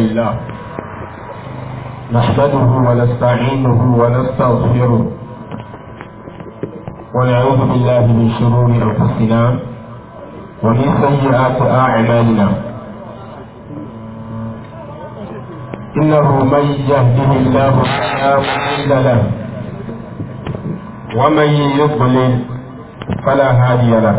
لله نحمده ونستعينه ونستغفره ونعوذ بالله من شرور انفسنا ومن سيئات اعمالنا انه من يهده الله فلا مضل له ومن يضلل فلا هادي له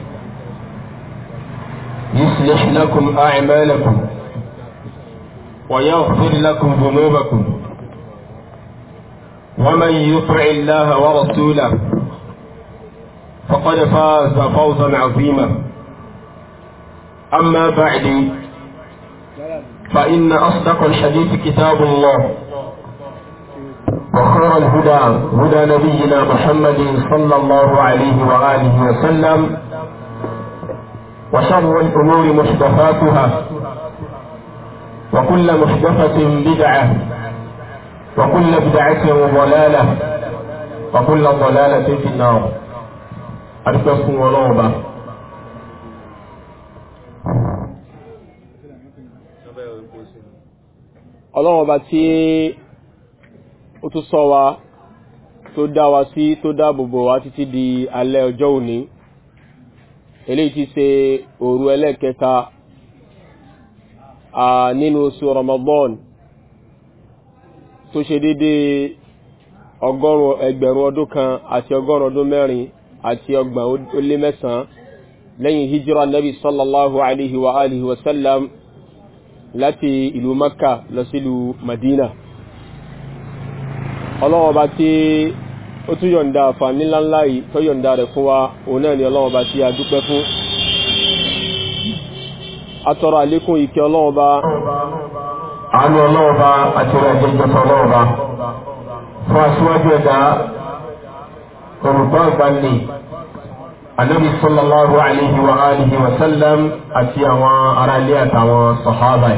يصلح لكم أعمالكم ويغفر لكم ذنوبكم ومن يطع الله ورسوله فقد فاز فوزا عظيما أما بعد فإن أصدق الحديث كتاب الله وخير الهدى هدى نبينا محمد صلى الله عليه وآله وسلم وشر الأمور محدثاتها وكل محدثة بدعة وكل بدعة ضلالة وكل ضلالة في النار أركبكم ونوبة ọlọ́run ọba tí ó tún sọ wa tó dá wa sí tó dáàbòbò wa títí di alẹ́ ọjọ́ òní eléyìí ti ṣe òru ẹlẹ́kẹta nínú oṣù Ramadan tó ṣe dédé ọgọ́rùn ẹgbẹ̀rún ọdún kan àti ọgọ́rùn ọdún mẹ́rin àti ọgbọ̀n ó lé mẹ́sàn lẹ́yìn hijira nabi sallallahu alaihi wa alihi wasallam láti ìlú Makka lọ sílùú Madina ọlọ́wọ́ bá tí ó tún yọ̀ǹda àǹfààní ńláńlá yìí tó yọ̀ǹda rẹ̀ fún wa òun náà ni ọlọ́run bá tí a dúpẹ́ fún atọ́rọ àlékún ìkẹ́ ọlọ́run bá àánú ọlọ́run àti rẹ̀ jẹjẹsọ ọlọ́run fún aṣíwájú ẹ̀dá olùgbọ́ ìgbàlè anábì sallallahu alaihi wa alihi wa sallam àti àwọn ará ilé àtàwọn sọ̀hábà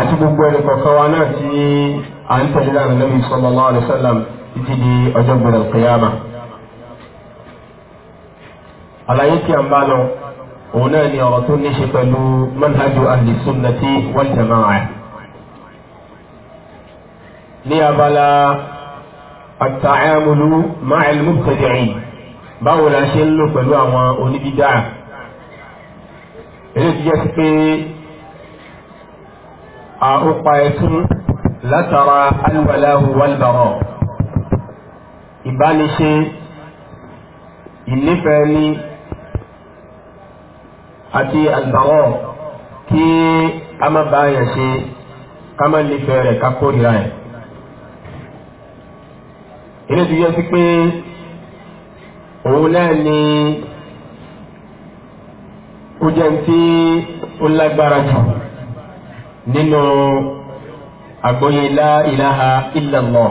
àti gbogbo ẹnì wa náà tí à ń tẹ̀lé lára nabi sallallahu alayhi wa sallam títí di ọjọ́ gbọdọ̀ kìyàmà. àlàyé tí a ń bá lọ òun náà ni ọ̀rọ̀ tó ní ṣe pẹ̀lú manhajú ahli sunnati wal jamaa'ah. ní abala àtàámúlú ma'al mubtadi'in báwo la ṣe ń lò pẹ̀lú àwọn oníbídà èyí ti jẹ́ sí pé àópa ẹ̀tún látara alwalahu walbara ìbániṣe ìnífẹ̀ẹ́ ní àti albara kí a má bá yẹn ṣe ká má nífẹ̀ẹ́ rẹ̀ ká kórìíra ẹ̀ ilé tó yẹ sí pé òun náà ni ó jẹ́ tí ó lágbára jù nínú àgbọ́yé la ilaha illallah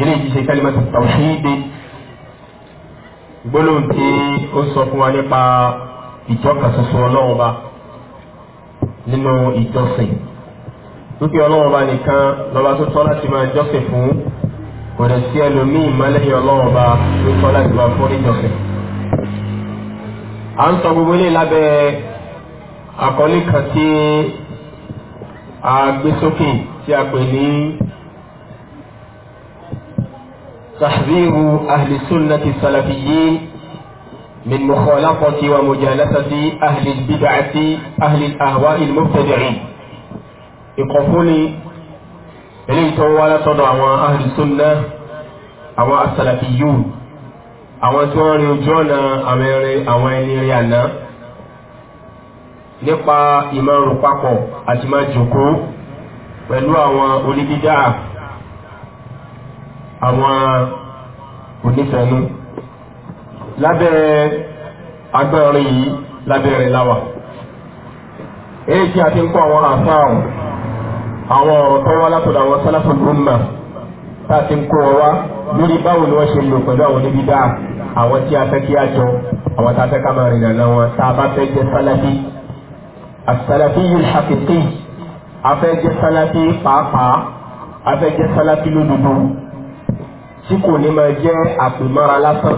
ilé ìjíṣẹ́ kalimatu tawhid gbólóhùn tí ó sọ fún wa nípa ìjọka ṣoṣo ọlọ́run ba nínú ìjọsìn wípé ọlọ́run ba nìkan lọ́ba tó tọ́ láti máa jọ́sìn fún kò dẹ̀ sí ẹlòmíì mọ́lẹ́yìn ọlọ́run ba ló tọ́ láti máa fún níjọsìn. à ń sọ gbogbo ilé lábẹ́ àkọlé kan tí agbésókè tí a pè ní tahziru ahli sunnati salafiyin min mukhalafati wa mujalasati ahli bid'ati ahli ahwa'i mubtadi'in ìkọ̀fúnni eléyìí tó wá látọ̀dọ̀ àwọn ahli sunna àwọn asalafiyun àwọn tí wọ́n rí ojú ọ̀nà àwọn ẹni rí àná nípa ìmọ̀ràn papọ̀ àti máa jòkó pẹ̀lú àwọn onídídá àwọn onífẹ̀ẹ́nú lábẹ́ agbẹ́rin yìí lábẹ́ rẹ̀ láwà èyí tí a ti ń kọ́ àwọn àfáàrùn àwọn ọ̀rọ̀ tó wá látọ̀dọ̀ àwọn sálàfún umma tá a ti ń kó wọn wá lórí báwo ni wọ́n ṣe lò pẹ̀lú àwọn onídídá àwọn tí a fẹ́ kí a jọ àwọn tá a fẹ́ ká máa rìnrìn àná tá a bá fẹ́ jẹ́ sálàfí asalafi yìí hakiki afẹ́jẹ́ salafi pàápàá afẹ́jẹ́ salafi lódodo tí kò ní máa jẹ́ àpèmọ́ra lásán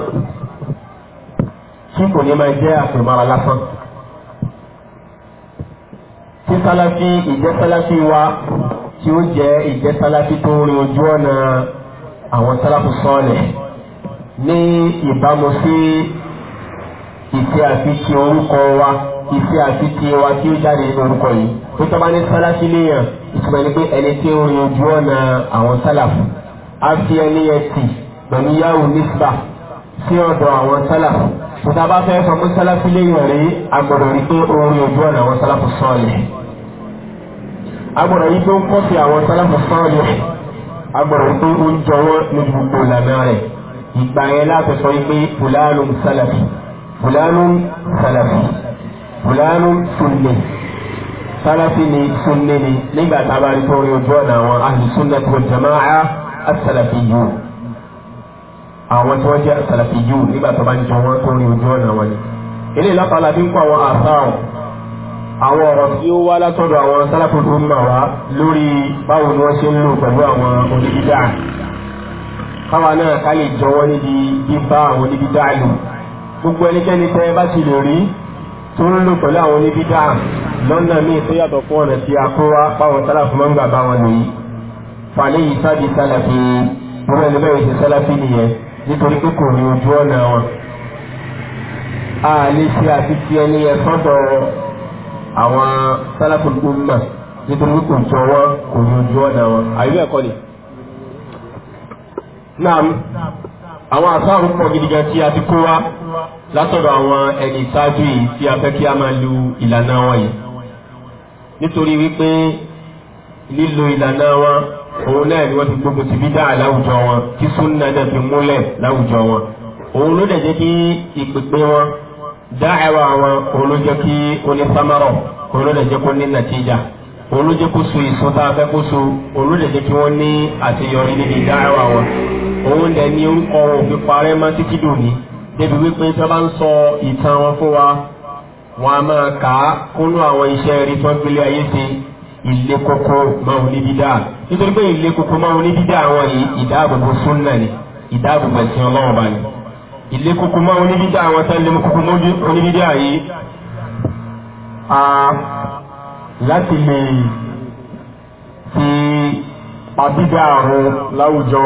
tí kò ní máa jẹ́ àpèmọ́ra lásán tí salafi ìjẹ́ salafi wa tí ó jẹ́ ìjẹ́ salafi tó rin ojú ọ̀nà àwọn salafu sọ́ọ̀lẹ̀ ní ìbámu sí ìtẹ́ àfi ṣe orúkọ wa ìṣe àti ti wa tí ó jáde nínú orúkọ yìí pé tọ́ba ní sálàfí léèyàn ìtumọ̀ ni pé ẹni tí ó rin ojú ọ̀nà àwọn sálàfù á fi ẹni yẹn tì pẹ̀lú yahoo nisba sí ọ̀dọ̀ àwọn sálàfù tó a bá fẹ́ sọ pé sálàfí léèyàn rí agbọ̀dọ̀ rí pé ó rin ojú ọ̀nà àwọn sálàfù sọ́ọ̀lì agbọ̀dọ̀ yìí tó ń kọ́ sí àwọn sálàfù sọ́ọ̀lì agbọ̀dọ̀ rí pé ń jọwọ́ lójú gbogbo fúlánù sunni sálàfí ni sunni ni nígbà tá a bá rí tó rí ojú ọ̀nà àwọn ahlùsúnnà tó jama'a asàlàfí yù àwọn tí wọ́n jẹ́ asàlàfí yù nígbà tó bá ń jọ wọn tó ojú ọ̀nà wọn ni ilé ìlàpàlà bí ń kọ́ àwọn àṣàrùn àwọn ọ̀rọ̀ tí ó wá látọ̀dọ̀ àwọn sálàfí tó ń mọ̀ wá lórí báwo ni wọ́n ṣe ń lò pẹ̀lú àwọn onídídá káwa náà ká lè jọwọ́ níbi bíbá àwọn onídídá lò gbogbo ẹnikẹ́ni tẹ́ bá ti lè rí tó ń lò pẹ̀lú àwọn oníbídà lọ́nà míì tó yàtọ̀ fún ọ̀nà tí a kó wá báwọn sálàfù máa ń gbà bá wọn nìyí fàlẹ́ yìí sábì sálàfì wọn ẹni bẹ́ẹ̀ sálàfì nìyẹn nítorí pé kò ní ojú ọ̀nà wọn. a lè ṣe àti fi ẹni yẹn sọ́dọ̀ àwọn sálàfù ummah nítorí pé kò jọ wọn kò ní ojú ọ̀nà wọn. àyùbẹ̀ ẹ̀kọ́ ni. naam àwọn àṣà látọ̀dọ̀ àwọn ẹni ìsáájú yìí tí a fẹ́ kí a máa lu ìlànà wọn yìí nítorí wípé lílo ìlànà wọn òun náà ni wọ́n ti gbogbo ti bí dáa láwùjọ wọn kí súnà náà fi múlẹ̀ láwùjọ wọn òun ló dẹ̀ jẹ́ kí ìpèpè wọn dáẹ̀wà wọn òun ló jẹ́ kí ó sámárọ̀ òun ló dẹ̀ jẹ́ kó ní nàtíjà òun ló jẹ́ kó so èso tá a fẹ́ kó so òun ló dẹ̀ jẹ́ kí wọ́n ní àṣeyọrí níbi dáẹ̀wà wọn òun dẹ̀ ní orúkọ òfin parẹ́ mọ́ títí dòní débi wípé tí wọ́n bá ń sọ ìtàn wọn fún wa wọn a máa kà á kúnú àwọn iṣẹ́ rí tó ń gbélé ayé ṣe ilé kókó máa ń ní dídá nítorí pé ilé kókó máa ń ní dídá àwọn yìí ìdáàbòbò súnà ni ìdáàbòbò ẹ̀sìn ọlọ́run bá ni ilé kókó máa ń ní àwọn tẹ́lẹ̀ mú kókó mọ́jú ní dídá yìí láti lè fi àbídá àrùn láwùjọ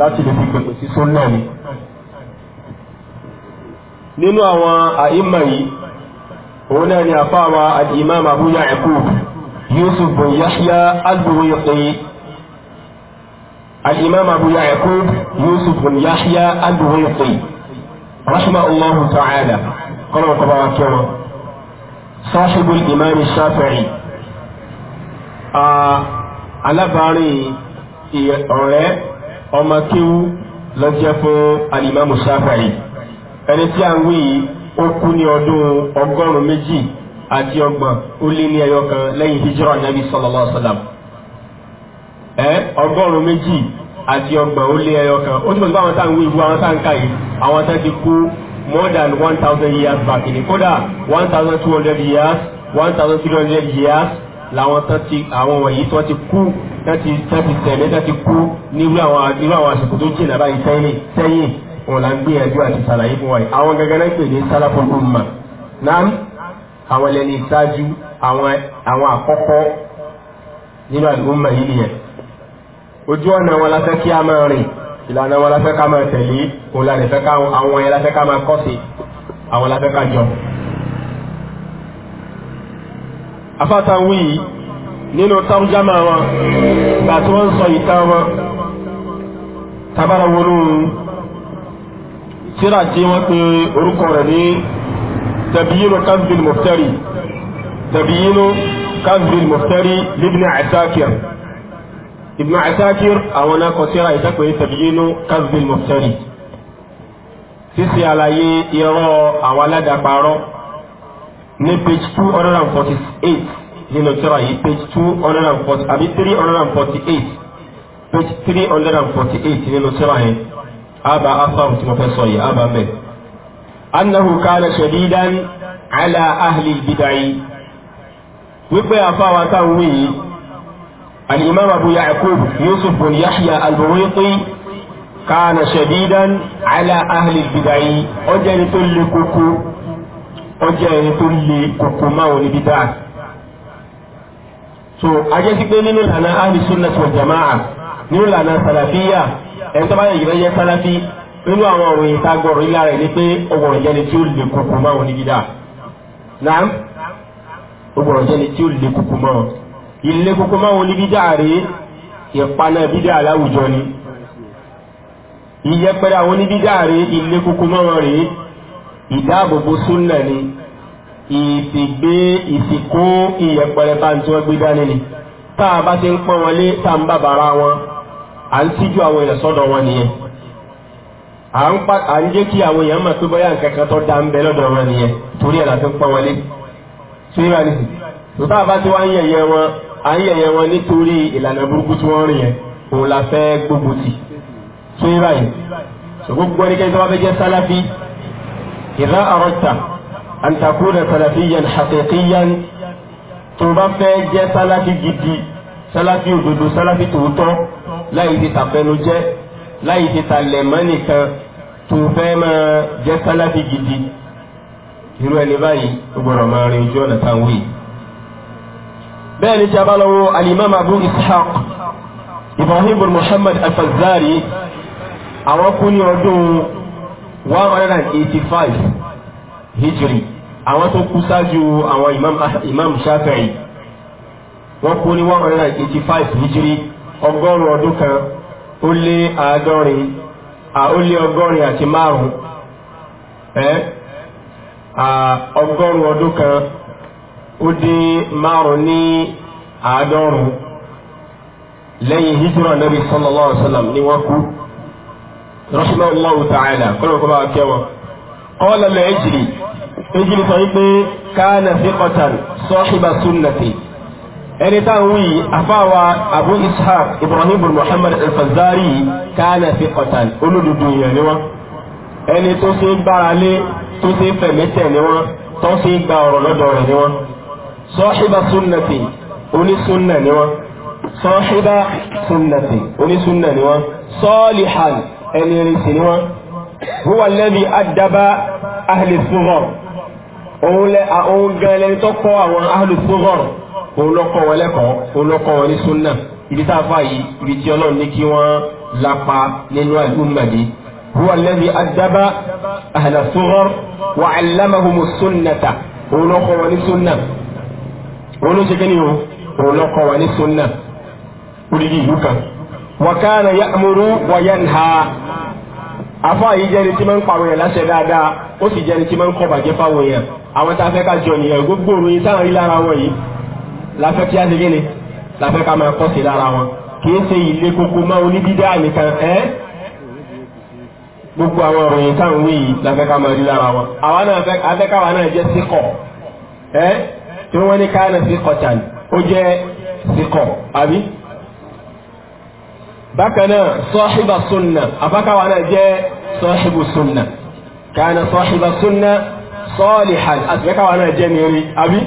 láti lè fi pèpè sí súnà ni nínú àwọn àìmà yìí òun náà ni àfáàwà al-imam Abu Ya'qub Yusuf bin Yahya al-Buwayqi al-imam Abu Ya'qub Yusuf bin Yahya al-Buwayqi rahimahullahu ta'ala kọ́nà kọba wa kẹwọn sahibul imam Shafi'i alábàárín ọ̀rẹ́ ọmọ kéwú lọ jẹ́ fún al-imam ẹni tí a ń wí yìí ó kú ní ọdún ọgọ́rùn-ún méjì àti ọgbọ̀n ó lé ní ẹyọ kan lẹ́yìn hijra nabi sallallahu alaihi wasallam ẹ ọgọ́rùn-ún méjì àti ọgbọ̀n ó lé ẹyọ kan ó túnbọ̀ sí báwọn tá à ń wí àwọn tá kú more than one thousand years back ní kódà one thousand two hundred years one thousand three hundred years làwọn tán ti àwọn wọ̀nyí tó ti kú láti tẹ̀lé láti kú nírú àwọn àsìkò tó jìnnà báyìí sẹ́yìn wọn là ń gbìyànjú àti sàlàyé fún wa yìí àwọn gangan pè ní sálàfún umma náà àwọn lẹni ìṣáájú àwọn àkọ́kọ́ nínú àdúgbò yìí nìyẹn ojú ọ̀nà wọn la fẹ́ kí a máa rìn ìlànà wọn la fẹ́ ká máa tẹ̀lé òun la fẹ́ ká àwọn yẹn la fẹ́ ká máa kọ́ sí àwọn la ká jọ. afáta wí nínú tárújámà wọn gbà tí wọ́n ń sọ ìtàn wọn tábàlà wọnú tíra tí wọ́n pe orúkọ rẹ̀ ní tàbíyínú kanzil muftari tàbíyínú kanzil muftari libni asakir ibn asakir àwọn náà kọ tíra ìtàkùn ní tàbíyínú kanzil muftari sísè àlàyé irọ́ àwọn aládàparọ́ ní page two hundred and forty eight nínú tíra yìí page two hundred and forty àbí three hundred and forty eight page three hundred and forty eight nínú tíra yìí aba asaru tí mo fẹ́ sọ yìí aba mbẹ. annahu kana shadidan ala ahli bidai wípé àfáwà táwọn wíyí الإمام أبو يعقوب يوسف بن يحيى البويطي كان شديدا على أهل البدع أجل تل كوكو أجل تل كوكو ماون بدع so ajẹ́ sí pé nínú ìlànà ahli sunnah wal jama'a nínú ìlànà sàlàfíà ẹni tó bá yẹ ìrẹ́jẹ sáláfí nínú àwọn ọ̀rọ̀ yìí tá a gbọ́rọ̀ ilé ara ẹ̀ ni pé ọgbọ̀rọ̀ jẹni tí ó lè kókó mọ́ àwọn oníbídà naam ọgbọ̀rọ̀ jẹni tí ó lè kókó mọ́ wọn ilé kókó mọ́ àwọn oníbídà rèé ìpaná bídà láwùjọ ni ìyẹpẹrẹ àwọn oníbídà rèé ilé kókó mọ́ wọn rèé ìdáàbòbò súnà ni ìsìgbé ìsìnkú ìyẹpẹrẹ bá ń tí wọ́n dání ni tá bá ti ń pọ́n wọlé tá ń bàbára wọn à ń síjú àwọn èèyàn sọ́dọ̀ wọn nìyẹn à ń jẹ́ kí àwọn èèyàn mọ̀ pé bóyá nǹkan kan tó dá ń bẹ lọ́dọ̀ wọn nìyẹn torí ẹ̀ láti ń pọ́n wọlé ṣé wà ní sùn tá a bá ti wá ń yẹ̀yẹ́ wọn à ń yẹ̀yẹ́ wọn nítorí ìlànà burúkú tí wọ́n rìn yẹn òun la fẹ́ gbogbo ẹni kẹ́ni tó bá fẹ́ jẹ́ sálàfí ìlà àrọ́ta an takuna tòótọ́ láì fi tàfẹnu jẹ láì fi tàlẹmọ nìkan tó fẹ́ máa jẹ sálábì gidi irú ẹni báyìí ó gbọ́dọ̀ máa rin ojú ọ̀nà táwọn yìí. bẹ́ẹ̀ ni tí a bá abu ishaq ibrahim bin muhammad alfazari àwọn kú ní ọdún one hundred and eighty five hijri àwọn tó kú ṣáájú àwọn imam shafi'i wọ́n kú ní one hijri ọgọ́rùn ọdún kan ó lé àádọ́rin ó lé ọgọ́rin àti márùn ẹ́ ọgọ́rùn ọdún kan ó dé márùn ní àádọ́rùn lẹ́yìn hijira nabi sallallahu alaihi wasallam ni wọ́n kú rahimahullahu ta'ala kọ́lọ̀ kọ́ bá wà kẹwọ́ qala al-Ijli Ijli sọ wípé kana thiqatan sahiba sunnati ẹni táwọn yìí afáwa abu ishaq ibrahim bin muhammad al-fazari kánà fi kọtàn olódodo yẹn ni wọn ẹni tó ṣe ń gbára lé tó ṣe ń fẹ̀mẹ́tẹ̀ ni wọn tó ṣe ń gba ọ̀rọ̀ lọ́dọ̀ rẹ̀ ni wọn sọ́ṣíbà sunnati onísunna ni wọn sọ́ṣíbà sunnati onísunna ni wọn sọ́ọ̀lìhàn ẹni rìn ni wọn huwa alladhi addaba ahli sughar òun gan tó kọ́ àwọn ahli sughar òun ló kọ́ wọn lẹ́kọ̀ọ́ òun ló kọ́ wọn ní súnà ibi tá a fà yìí ibi tí ọlọ́run ní kí wọ́n lapa nínú àlùmọ̀dé huwa alladhi adaba ahla sughar wa allamahumu sunnata òun ló kọ́ wọn ní súnà òun ló ṣe kí ni o òun ló kọ́ wọn ní súnà orílẹ̀ ìlú kan wa kana ya'muru wa yanha afa yìí jẹni tí ma ń pàrọ̀ yẹn láṣẹ dáadáa ó sì jẹni tí ma ń kọ́ bàjẹ́ fáwọn yẹn àwọn tá a fẹ́ ká jọ nìyẹn gbogbo òròyìn táwọn rí lára wọn yìí láfẹ́ kí á ṣe gíní láfẹ́ ká máa kọ́ sí lára wọn kì í ṣe ilé koko mọ́ onídídá nìkan ẹ́ gbogbo àwọn ìròyìn táwọn wí yìí láfẹ́ ká máa rí lára wọn àwa náà afẹ́ káwa náà jẹ́ síkọ̀ ẹ́ tí wọ́n ní káyọ̀ náà síkọ̀ tàn ó jẹ́ síkọ̀ àbí. bákan náà sọ́ọ́ṣìbà sunna afákáwa náà jẹ́ sọ́ọ́ṣìbù sunna káyọ̀ náà sọ́ọ́ṣìbà sunna sọ́ọ̀lì hàn àtìfẹ́káwa náà jẹ́ nìyẹn àbí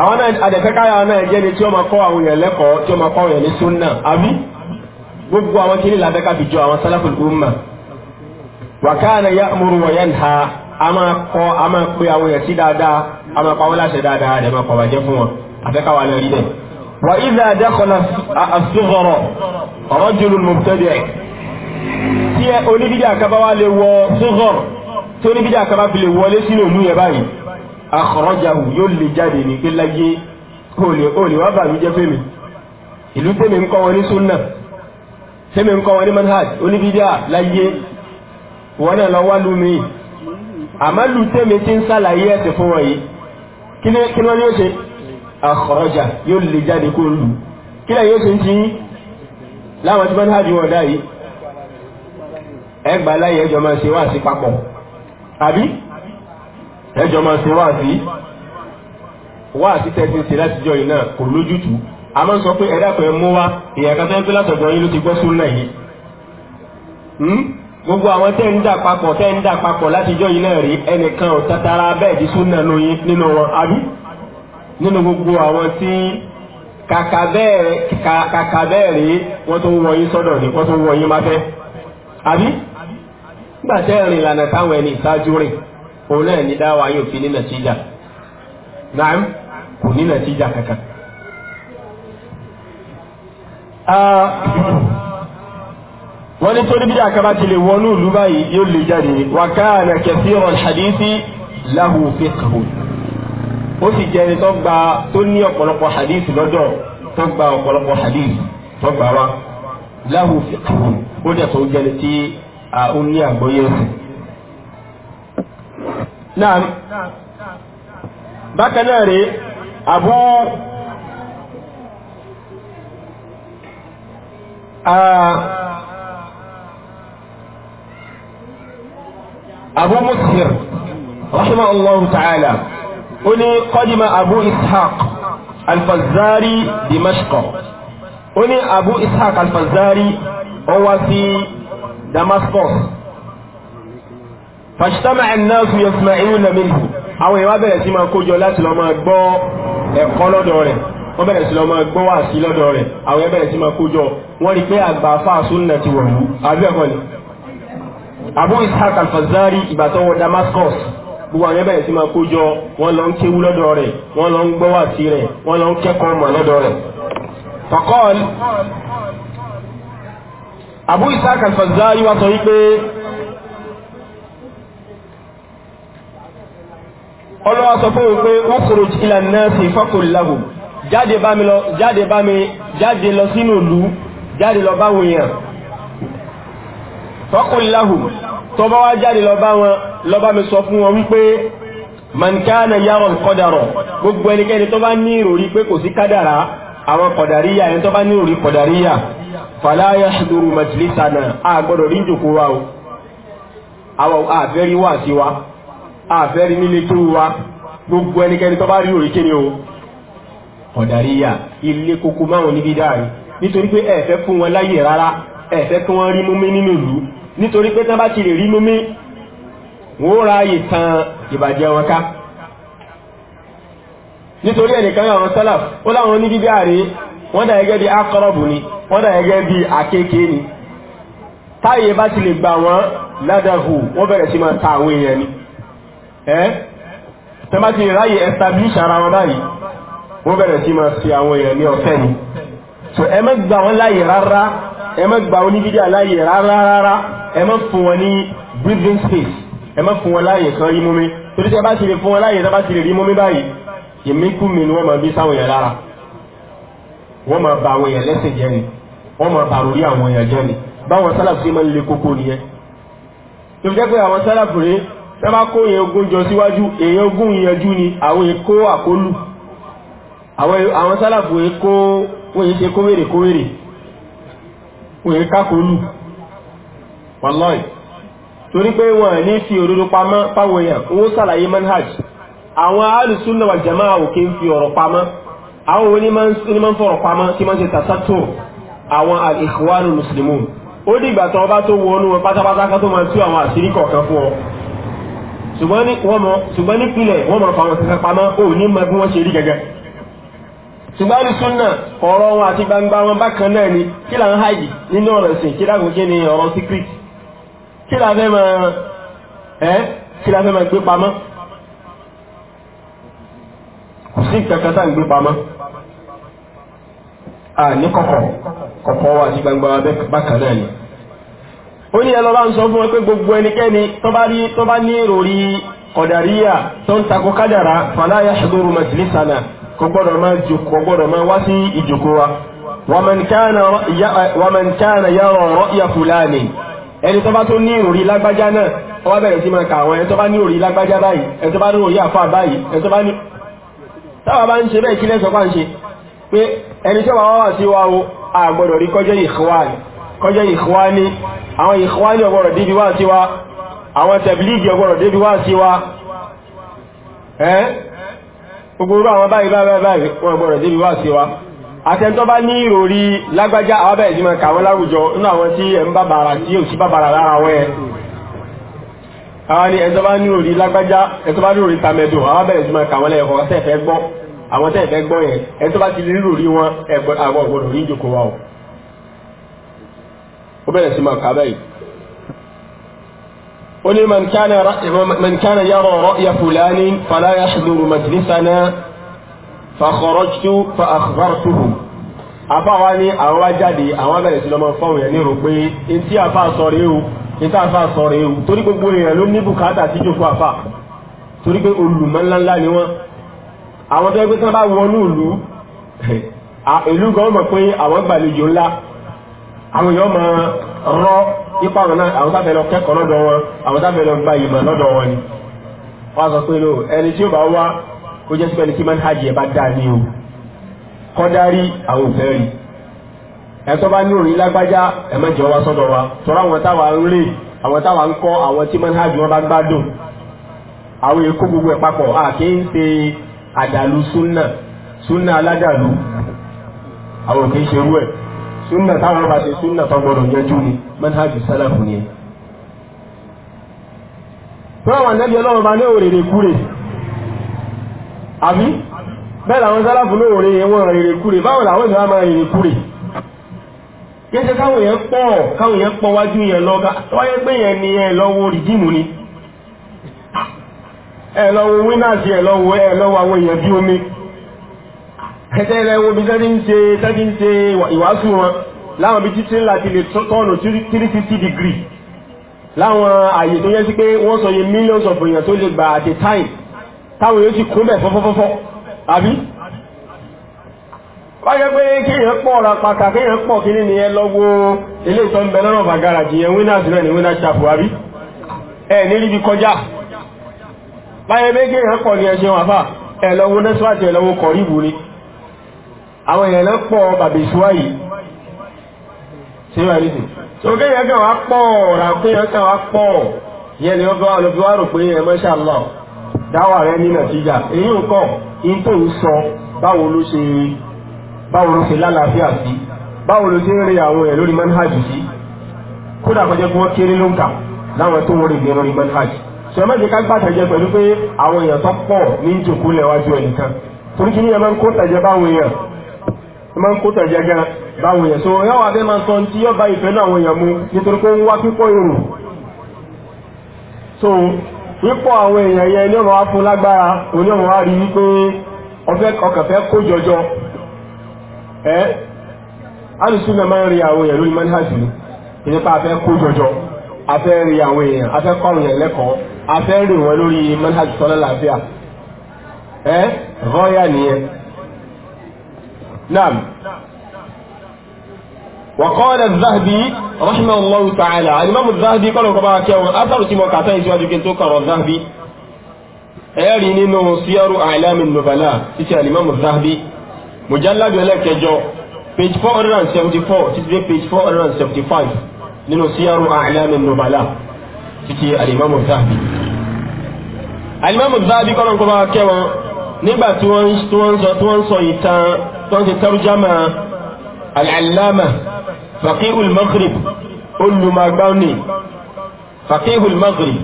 àwọn náà adẹ̀fẹ́káyà náà jẹ́ ni tí ó máa kọ́ àwọn èèyàn lẹ́kọ̀ọ́ tí ó máa kọ́ àwọn èèyàn ní súnà àbí gbogbo àwọn kí ní làbẹ́ká fi jọ àwọn sálàfù umma wa kana ya'muru wa yanha a máa kọ́ a máa pe àwọn èèyàn sí dáadáa a máa pa wọ́n láṣẹ dáadáa rẹ̀ máa kọ̀ bàjẹ́ fún wọn àfẹ́káwà náà rí bẹ́ẹ̀. wa idha dakhala as-sughra rajulun mubtadi' tí àkọ́rọ́jàwù yóò lè jáde ní pé láyé olè wá bà mí jẹ́ fèmí ìlú tèmi ń kọ́ wọn ní súnà tèmi ń kọ́ wọn ní manhaj oníbídíà láyé wọn náà lọ wá lú mi àmọ́ lù tèmi ti ń sàlàyé ẹ̀sìn fún wọn yìí kí ni wọ́n yóò ṣe àkọ́rọ́jà yóò lè jáde kó lù kí lẹ́yìn yóò ṣe ń ti láwọn tí manhaj wọn dá yìí ẹgbàá láyé ẹjọ́ máa ṣe wá sí papọ̀ àbí ẹjọ́ máa ṣe wáàsí wáàsí tẹ́sí ṣe láti jọ yìí náà kò lójútùú a máa ń sọ pé ẹ̀dá pẹ̀ mú wa ìyá kan tẹ́ńpẹ́ látọ̀dọ̀ yín ló ti gbọ́ súnà yìí hmm? gbogbo àwọn tẹ́ ń dà papọ̀ tẹ́ ń dà papọ̀ láti jọ yìí náà rí ẹnìkan ò tatara bẹ́ẹ̀ di súnà lóyún nínú wọn àbí nínú gbogbo àwọn tí kàkà bẹ́ẹ̀ rí wọ́n tó ń wọ yín sọ́dọ̀ ní wọ́n tó ń wọ yín máfẹ́ àbí gbàtẹ́ rìn lànà táwọn ẹni ìṣáájú rìn òun náà ní dáwà yóò fi ní nàtíjà náà kò ní nàtíjà kankan. Ah, wọ́n ní torí bídà kan bá ti lè wọnú ìlú báyìí yóò lè jáde wa kana kathiran hadithi lahu fiqhu ó sì jẹ́ ẹni tó gba tó ní ọ̀pọ̀lọpọ̀ hadith lọ́dọ̀ tó gba ọ̀pọ̀lọpọ̀ hadith tó gbà wá lahu fiqhu ó dẹ̀ tó jẹ́ ẹni tí ah, ó ní àgbọ́yé ẹ̀sìn. نعم بكى ناري أبو àbú آه. àbú رحمه الله تعالى أني قدم أبو إسحاق الفزاري دمشق أني أبو إسحاق الفزاري هو في دمشق fàṣítàmà ẹ̀nàṣù yọ̀sùmà ìrún nà mílì àwọn èèyàn wá bẹ̀rẹ̀ sí máa kójọ láti lọ máa gbọ́ ẹ̀kọ́ lọ́dọ̀ rẹ̀ wọ́n bẹ̀rẹ̀ sí lọ máa gbọ́ wà sí lọ́dọ̀ rẹ̀ àwọn èèyàn sí máa kójọ wọ́n rí pé àgbà fáàsùn náà ti wọ̀lú àbí Abu Ishaq al-Fazari wọ Damascus gbogbo àwọn ẹbẹ̀rẹ̀ sí máa kójọ wọ́n lọ ń kéwú lọ́dọ̀ rẹ̀ wọ́n lọ ń gbọ́ wà sí rẹ̀ wọ́n lọ ń kẹ́kọ̀ọ́ mọ̀ lọ́dọ̀ rẹ̀ faqal Abu Ishaq al-Fazari sọ wípé ọlọ́wọ́ sọ fún mi pé wakhruj ila nnasi faqul lahum jáde bá mi lọ jáde bá mi jáde lọ sínú ìlú jáde lọ báwọn èèyàn faqul lahum tó bá wá jáde lọ bá wọn lọ bá mi sọ fún wọn wípé man kana yara gbogbo ẹnikẹ́ni tó bá ní ìròrí pé kò sí kádàrá àwọn kọ̀dàríyà ẹni tó bá ní ìròrí kọ̀dàríyà fala yahduru majlisana àgbọ̀dọ̀ rí wa o àwọn àfẹ́rí wà sí wa àfẹ́rí nílé tó wa gbogbo ẹnikẹ́ni tó bá rí òrí kí ni o ọ̀dàríyà ilé koko márùn níbi dáàrí nítorí pé ẹ̀fẹ́ fún wọn láyè rárá ẹ̀fẹ́ kí wọ́n rí múmi nínú ìlú nítorí pé tán bá ti lè rí múmi wọ́n ráyè tan ìbàjẹ́ wọn ká nítorí ẹnìkan àwọn sálàf ó táyé bá ti lè gbà wọ́n ládàhù wọ́n bẹ̀rẹ̀ sí máa ta àwọn èèyàn ni ẹ́ tẹ́májì ráyè establish ara wọn báyìí wọ́n bẹ̀rẹ̀ sí máa ṣe àwọn èèyàn ní ọ̀tẹ̀ ni so ẹ má gbà wọn láyè rárá ẹ má gbà wọn ní bídíà láyè rárá rárá ẹ má fún wọn ní breathing space ẹ má fún wọn láyè kan rí mọ́mí torí tẹ́ bá ti lè fún wọn láyè tẹ́ bá ti lè rí mọ́mí báyìí ìmíkùmí ni wọ́n máa bí sáwọn èèyàn lára wọ́n máa ba àwọn èèyàn lẹ́sẹ̀ jẹ́ ni wọ́n máa ba orí àwọn èèyàn jẹ́ ni báwọn sálàfù sí máa ń le koko nìyẹn tó fi jẹ́ pé àwọn sálàfù rèé tẹ́bá kó èèyàn ogún jọ síwájú èèyàn ogún ìyànjú ni àwọn èkó àkólù àwọn sálàfù èkó wòye ṣe kówèrè kówèrè wòye kákólù wàláì torí pé wọ́n ní fi òdodo pamọ́ fáwọn èèyàn wọ́n sàlàyé manhaj àwọn alùsùnà wà jàmáà òkè ń fi ọ̀rọ̀ pamọ́ àwọn òní máa ń fọ̀rọ̀ pamọ́ tí máa ń ṣe tàṣàtò àwọn al-ikhwanul muslimun ó dìgbà tó bá tó wọnú wọn pátápátá ká tó máa tú àwọn àṣírí kọ̀ọ̀kan fún ọ ṣùgbọ́n nípìnlẹ̀ wọ́n mọ̀ fáwọn kankan pamọ́ ò ní mọ bí wọ́n ṣe rí gẹ́gẹ́ ṣùgbọ́n ní súnà ọ̀rọ̀ wọn àti gbangba wọn bákan náà ni kí là ń háìdì nínú ọ̀rọ̀ ìsìn kí láàkó kí ni ọ̀rọ̀ secret kí là fẹ́ mọ ẹ́ kí là fẹ́ mọ gbé pamọ́ kò sí kankan tá à ń gbé pamọ́ à ní kọ̀kọ̀ kọ̀kọ̀ wọn àti gbangba wọn bákan náà ni ó ní ẹlọ́lá ń sọ fún ẹ pé gbogbo ẹnikẹ́ni tó bá ní ìròrí ọ̀dàríyà tó ń takò kádàrá fàlàyà ṣàdúró màjìlísànà kò gbọ́dọ̀ máa jòkó kò gbọ́dọ̀ máa wá sí ìjòkó wa wàmẹ̀nkánà yàrá ọ̀rọ̀ ìyà fúlàní ẹni tó bá tó ní ìròrí lágbájá náà ó wá bẹ̀rẹ̀ sí máa kà àwọn ẹni tó bá ní ìròrí lágbájá báyìí ẹni tó bá ní ìròrí àfà kọjá ìkwáni àwọn ìkwáni ọgbọ̀rọ̀ débi wá sí wa àwọn tẹ̀blígì ọgbọ̀rọ̀ débi wá sí wa ẹ́ gbogbo àwọn báyìí báyìí wọ́n ọgbọ̀rọ̀ débi wá sí wa àtẹ́ntọ́ bá ní ìròrí lágbájá àwábẹ̀ẹ́ sí mọ̀ká àwọn láwùjọ inú àwọn tí ẹ̀ ń bá bàrà tí ò sí wọn ẹ̀ àwọn ni ẹ̀tọ́ bá ní ìròrí lágbájá ẹ̀tọ́ bá ní ìròrí tàmẹ́dùn àwábẹ̀ẹ́ sí mọ̀ká àwọn lẹ́ẹ̀kọ́ tẹ́ẹ̀fẹ́ gbọ́ àwọn tẹ́ẹ̀fẹ́ gbọ́ yẹn ìjòkó wa ọ̀ ó bẹ̀rẹ̀ sí máa kà báyìí ó ní man kana yara ra'ya fulani fala yahduru majlisana fakharajtu fa akhbartuhu àbá wa ní àwọn wá jáde àwọn bẹ̀rẹ̀ sí lọ́mọ fọ́ọ̀mù yẹn ní rò pé etí àfa sọ rèé o etí àfa sọ rèé o torí gbogbo èèyàn ló ní bùkátà tí jòkó àfa torí pé olùmọ̀ ńláńlá ni wọ́n àwọn tó yẹ pé tí wọ́n bá wọnú ìlú ìlú gan mọ̀ pé àwọn gbàlejò ńlá àwọn èèyàn máa rọ ipa àwọn náà àwọn táfẹ́ lọ kẹ́kọ̀ọ́ lọ́dọ̀ wọn àwọn táfẹ́ lọ gba ìmọ̀ lọ́dọ̀ wọn ni wọ́n sọ pé lò ẹni tí ó bá wá kó jẹ́ sípẹ́ni tí máa ń hajj ẹ̀ bá dáa ní o kọ́dárí àwọn òfẹ́ rí ẹ̀tọ́ bá ní orí lágbájá ẹ̀mẹ́jẹ́ wa sọ́dọ̀ wa tọ́rọ àwọn táwa ń rí àwọn táwa ń kọ́ àwọn tí máa ń hajj wọn bá gbádùn àwọn èkó gbogbo ẹ̀ papọ̀ àkí ń Suna táwọn bá ṣe súnà tó gbọdọ̀ yẹjú ni manhajì sálàfù ni. tọ́wọ́n ànábì ọlọ́run bá ní òrèrè kúrè àbí bẹ́ẹ̀ làwọn sálàfù ní òrèrè wọn rèrè kúrè báwo làwọn ìlú àmà rèrè kúrè kéṣe káwọn yẹn pọ̀ káwọn yẹn pọ̀ wájú yẹn lọ wáyé pé yẹn ni ẹ lọ́wọ́ rìdíìmù ni ẹ lọ́wọ́ winners ẹ lọ́wọ́ ẹ lọ́wọ́ àwọn èèyàn bí omi kẹtẹ́ rẹ̀ wo bí sẹ́ni ń ṣe sẹ́ni ń ṣe ìwàásù wọn láwọn bí títí ńlá lè tọ́ọ̀nù three fifty degree láwọn àyè tó yẹ sí pé wọ́n sọ yẹ millions of èèyàn tó lè gbà at a time táwọn yóò ti kún bẹ̀ fọ́fọ́fọ́fọ́ àbí wáyé pé kéèyàn pọ̀ ra pàkà kéèyàn pọ̀ kí nìyẹn lọ́wọ́ ilé ìtọ́ ń bẹ lọ́nà bàgàrà jìyàn winners náà ni winners chapel àbí ẹ̀ níbi kọjá wáyé pé kéèyàn pọ̀ ní ẹṣẹ́ wàfà ẹ̀ lọ́wọ́ nẹ́sọ́àtì ẹ̀ lọ́wọ́ kọ̀ríbù ni àwọn èèyàn náà pọ̀ bàbá ìṣúwá yìí ṣé wà ní sìn so kéèyàn kàn wá pọ̀ rà kéèyàn kàn wá pọ̀ yẹn ni wọ́n bá wà lọ́bí wá rò pé ẹ̀ mọ́ṣá lọ dáwà rẹ ní nàìjíríà èyí nǹkan in tó ń sọ báwo ló ṣe báwo ló ṣe lálàáfíà sí báwo ló ṣe ń rí àwọn ẹ̀ lórí manhajì sí kódà kọjá kí wọ́n kéré ló ń kà láwọn tó ń ìgbẹ́ lórí manhajì sọ ma ká gbàtàjẹ pẹ̀lú pé àwọn èèyàn tó pọ̀ ní ìjòkó lẹ́wájú ẹnìkan torí kí ni ẹ máa ń kó tàjẹ báwọn èèyàn máa ń kó tàn jẹjẹ báwọn èèyàn so yọ wà bẹ́ẹ̀ máa sọ tí yọ bá ìfẹ́ náà àwọn èèyàn nítorí kó ń wá pípọ̀ èrò so pípọ̀ àwọn èèyàn yẹn ní ọmọ wa fún lágbára òní ọmọ wa rí wípé ọfẹ́ ọkàn kó jọjọ ẹ́ alùsùn náà máa ń rí àwọn èèyàn lórí manhaj ni ìnípa afẹ́ kó jọjọ afẹ́ rí àwọn èèyàn afẹ́ kọ́ àwọn èèyàn lẹ́kọ̀ọ́ afẹ́ rí wọn lórí manhaj tọ́lá ẹ́ rọ́yà nìyẹn نعم وقال الذهبي رحمه الله تعالى الإمام الذهبي قال كما كان أثر تيمو كاتاي سواجو كنتو كان الذهبي ẹ̀rí nínú síyárù àìlàmì nùbàlá títí alìmọ́mù záàbí mùjálàbí ẹlẹ́kẹjọ page 474 títí dé page 475 nínú síyárù àìlàmì nùbàlá títí alìmọ́mù záàbí alìmọ́mù záàbí kọ́nà kọ́nà kẹwọn nígbà tí wọ́n sọ ìtàn tó ń ṣe tẹ́rùjámà alàlámà fàkíhùl maghrib olùmọ̀gbáwọ́nì fàkíhùl maghrib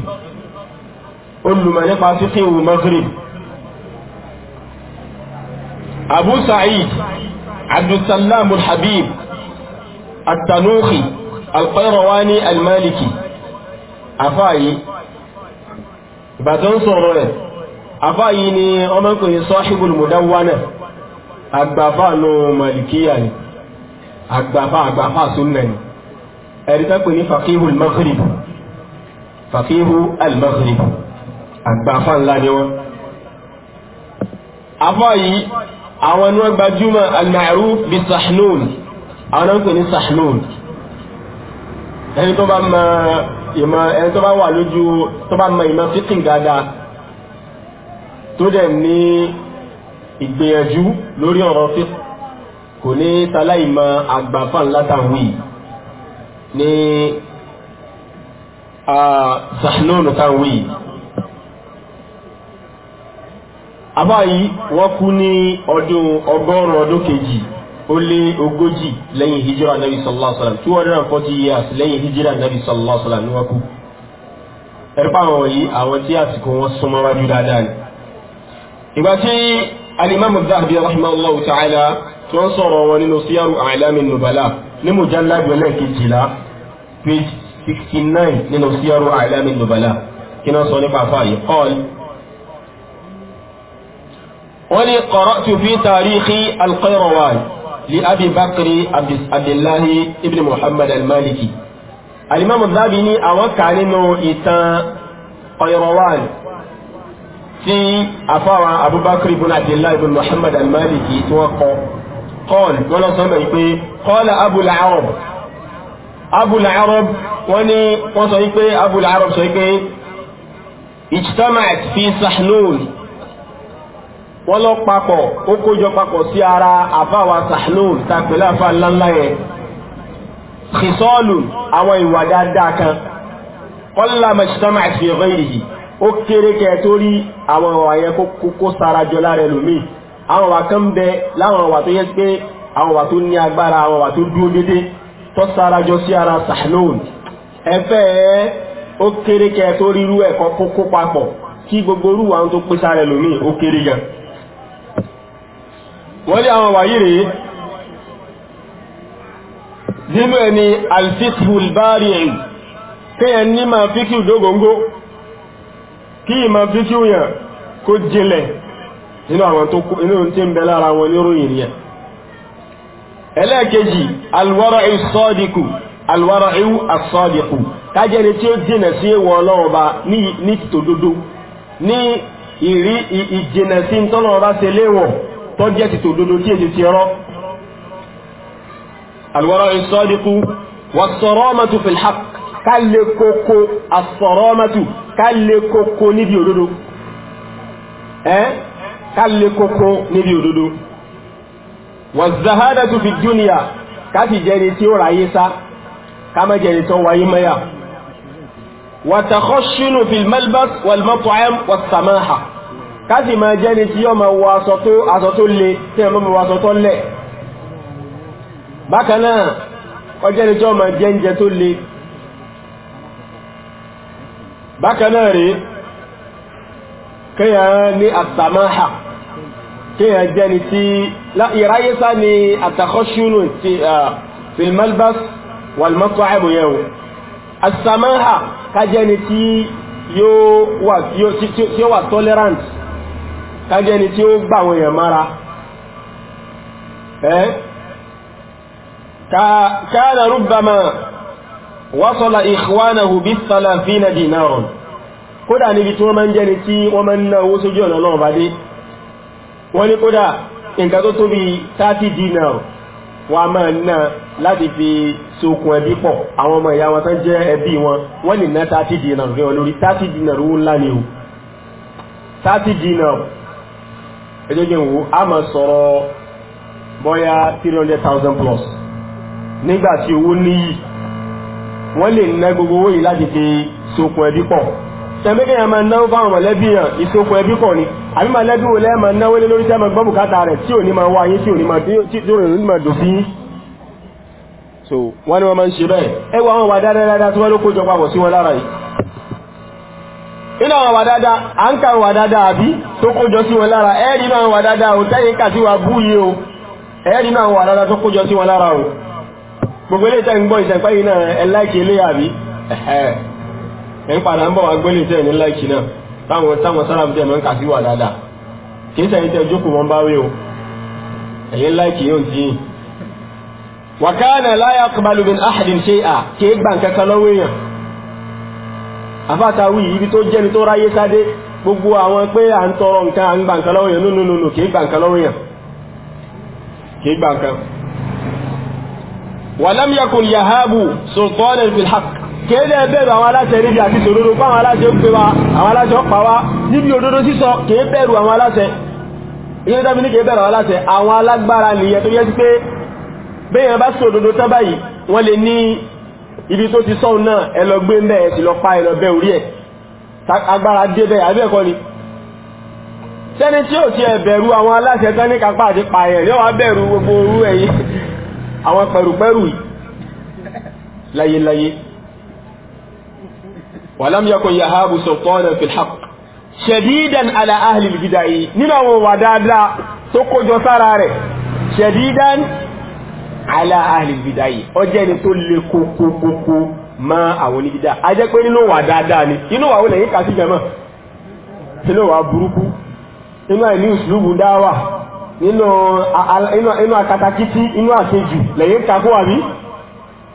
olùmọ̀ nípa fíkíhùl maghrib abu sa'id abdulsalam alhabib التنوخي القيرواني المالكي àfáàyí ìbàtán sọ̀rọ̀ ẹ̀ àfáàyí ni ọmọkùnrin sọ́ṣíbùl mùdánwánà àgbàfà nù màlìkíyà ni àgbàfà àgbàfà súnnà ni ẹ̀rí tẹ́pẹ̀ ní fàkíhù al-maghrib fàkíhù al-maghrib àgbàfà ńlá ni wọ́n afọ́ yìí àwọn ẹnu gbajúmọ̀ al-ma'ruf bí sahnun àwọn ẹnu pè ní sahnun ẹni tó bá mọ ìmọ̀ ẹni tó bá wà lójú tó bá mọ ìmọ̀ fíkìn dáadáa tó dẹ̀ ní ìgbìyànjú lórí ọ̀rọ̀ fí kò ní tàláìmọ̀ àgbàfàn látàwí ní àṣàlónù tàwí àbáyí wọ́n kú ní ọdún ọgọ́rùn ọdún kejì ó lé ogójì lẹ́yìn hijira nabi sallallahu alaihi wasallam 240 years lẹ́yìn hijira nabi sallallahu alaihi wasallam ní wọ́n kú ẹ̀rọ pàwọn wọ̀nyí àwọn tí àsìkò wọn súnmọ́ wájú dáadáa ni ìgbà tí alimami zahabi rahimahullahu ta'ala tí wọ́n sọ̀rọ̀ wọn nínú síyàrù àìlámi nùbàlá ní mujalla gbẹ̀lẹ̀ kejìlá page sixty nine nínú síyàrù àìlámi nùbàlá kí wọ́n sọ nípa àfáà yìí kọ́ọ̀lì. wọ́n ní qara'tu fi tàríkì alqayrawani li abi bakri abdullahi ibn muhammad almaliki alimami zahabi ní àwọn kà nínú ìtàn tí afáwa abubakar ibn abdullahi ibn muhammad al-maliki tí wọ́n kọ kọ́ọ̀lù wọ́n lọ sọ́mọ̀ yìí pé kọ́ọ̀lù abul arab abul arab wọ́n ní wọ́n sọ yìí pé abul arab sọ yìí pé ijtama'at fi sahnun wọ́n lọ papọ̀ ó kójọ papọ̀ sí ara àfáwà sahnun tàpẹ̀lẹ́ àfáà ńláńlá yẹn kìsọ́ọ̀lù àwọn ìwà dáadáa kan kọ́lá majtama'at fi ghayrihi ó kéré kẹ tó rí àwọn ọ̀wà yẹn kó sarajọ lára ẹlòmíì àwọn ọ̀wà kan bẹ láwọn ọ̀wà tó yẹ pé àwọn ọ̀wà tó ní agbára àwọn ọ̀wà tó dúró dédé tó sarajọ sí ara sahlon ẹfẹ́ ó kéré kẹ tó rí irú ẹ̀kọ́ kókó papọ̀ kí gbogbo irú àwọn tó pé sára ẹlòmíì ó kéré gan wọ́n lé àwọn ọ̀wà yìí rèé nínú ẹni alfiqhul bari'i kéèyàn ní máa fíkì dógóńgó kí ìmọ̀ fíkí òyàn kó jinlẹ̀ nínú àwọn tó kó inú tí ń bẹ lára wọn ní ròyìn yẹn ẹlẹ́ẹ̀kejì alwọ́rọ̀ ìsọ́dìkù alwọ́rọ̀ ìwú àsọ́dìkù kájẹ́ni tí ó jìnà sí ìwọ̀ ọlọ́run bá ní tòdodo ní ìrí ìjìnà sí tọ́lọ́run bá ṣe léwọ̀ tó jẹ́ ti tòdodo tí èdè ti rọ́ alwọ́rọ̀ ìsọ́dìkù wàsọ̀rọ̀mọ̀tù fìlhàk ká lè kókó àsọ̀rọ̀mọ̀tù ká koko kókó níbi òdodo ẹ́ ká koko kókó níbi òdodo wọ́n zahada tó fi dúnìyà ká sì jẹ́ni tí ó ráyé sá ká má jẹ́ni tó wáyé mẹ́yà wàtàkọ́ṣínú fi malbas walmat'am wasamaha ká sì máa jẹ́ni tí yọ́ ma wọ aṣọ tó le tí ẹ̀ mọ́ wọ aṣọ tó lẹ̀ bákan náà ọjẹ́ni tí yọ́ ma jẹ́ bákan náà rí kíyàn ní àtàmáhà kíyàn jẹni tí ìráyésá ni àtàkọ́ṣúnù ti filmalbas walmakọ̀ àbúyẹ̀wò àtàmáhà ká jẹni tí yóò wà tolerant ká tí ó gbà àwọn mara ẹ́ ká na rúbàmà wásọ́lá ìkwánahu bí sàlàfínà dìnàrùn kódà níbi tí wọ́n máa ń jẹ́ ni tí wọ́n máa ń ná owó sójú ọ̀nà náà bá dé wọ́n ní kódà nǹkan tó tóbi 30 dinar wọ́n a máa ná láti fi sokùn ẹbí pọ̀ àwọn ọmọ ìyá wọn tán jẹ́ ẹbí wọn wọ́n lè ná 30 dinar rẹ̀ lórí 30 dinar owó ńlá ni o 30 dinar ẹjọ́jẹ́ wo a máa sọ̀rọ̀ bọ́yá 300,000 plus nígbà tí owó níyì wọ́n lè ná gbogbo owó yìí láti fi sokùn ẹbí pọ̀ tẹ̀mẹ́kẹ́ yẹn máa náwó fáwọn mọ̀lẹ́bí yàn ìsokùn ẹbí pọ̀ ni àbí mọ̀lẹ́bí wo lẹ́ẹ̀ máa náwó lé lórí tẹ́mọ̀ gbọ́ bùkátà rẹ̀ tí ò ní máa wá ayé tí ò ní máa dùn sí so wọ́n ni wọ́n máa ń ṣe bẹ́ẹ̀ ẹwà àwọn wà dáadáa tí wọ́n ló kójọ papọ̀ sí wọn lára yìí iná àwọn wà dáadáa à ń ka wà dáadáa àbí tó kójọ sí wọn lára ẹ̀ẹ́dì náà wà dáadáa ò tẹ́yìn kà sí wa bú yìí o ẹ̀ẹ́dì náà wà dáadáa tó kójọ sí wọn lára o gbogbo ilé iṣẹ́ gbọ́ ìṣẹ̀pẹ́ yìí náà ẹ ilé àbí ẹ̀ ń padà ń bọ̀ wá gbélé iṣẹ́ ní náà táwọn sára mọ́ ń wà dáadáa kì í sẹ́yìn tẹ́ jókòó bá o láìkì yóò láyà áhàdìn ṣe à kì í gbà ibi tó jẹ́ni tó ráyé sáde gbogbo àwọn pé à ń tọrọ nǹkan à ń gbà wàlám yakun yahabu sultanan fil haqq kéde bẹ̀rù àwọn aláṣẹ níbi àti sòdodo pa àwọn aláṣẹ ń pè wa àwọn aláṣẹ ọ̀pá wa níbi òdodo sísọ kèé bẹ̀rù àwọn aláṣẹ ilé tàbí ní kèé bẹ̀rù àwọn aláṣẹ àwọn alágbára nìyẹn tó yẹ sí pé bẹ́yàn bá sòdodo tán báyìí wọ́n lè ní ibi tó ti sọ́un náà ẹlọ gbé ń bẹ́ẹ̀ sí lọ pa ẹlọ bẹ́ orí ẹ̀ agbára dé bẹ́ẹ̀ àbí ẹ̀kọ́ ni sẹ́ni tí ò ti ẹ̀ bẹ̀rù àwọn aláṣẹ tán ní kápá àti pààyàn yóò wá bẹ̀rù gbogbo orú ẹ̀yìn àwọn pẹ̀rùpẹ̀rù láyéláyé walam yakun yahabu sultanan fil haqq ṣẹ̀dídàn ala ahli al-bid'ah nínú àwọn wà dáadáa tó kójọ sára rẹ̀ ṣẹ̀dídàn ala ahli al-bid'ah ọjẹ́ ni tó lè kókókókó ma àwọn oníbídá a jẹ́ pé nínú wà dáadáa ni inú wà ó lẹ́yìn kàfíjẹmọ́ inú wà burúkú inú àìní ìṣlúgbù nínú akatakiti inú àṣejù lẹ́yìn kakó àbí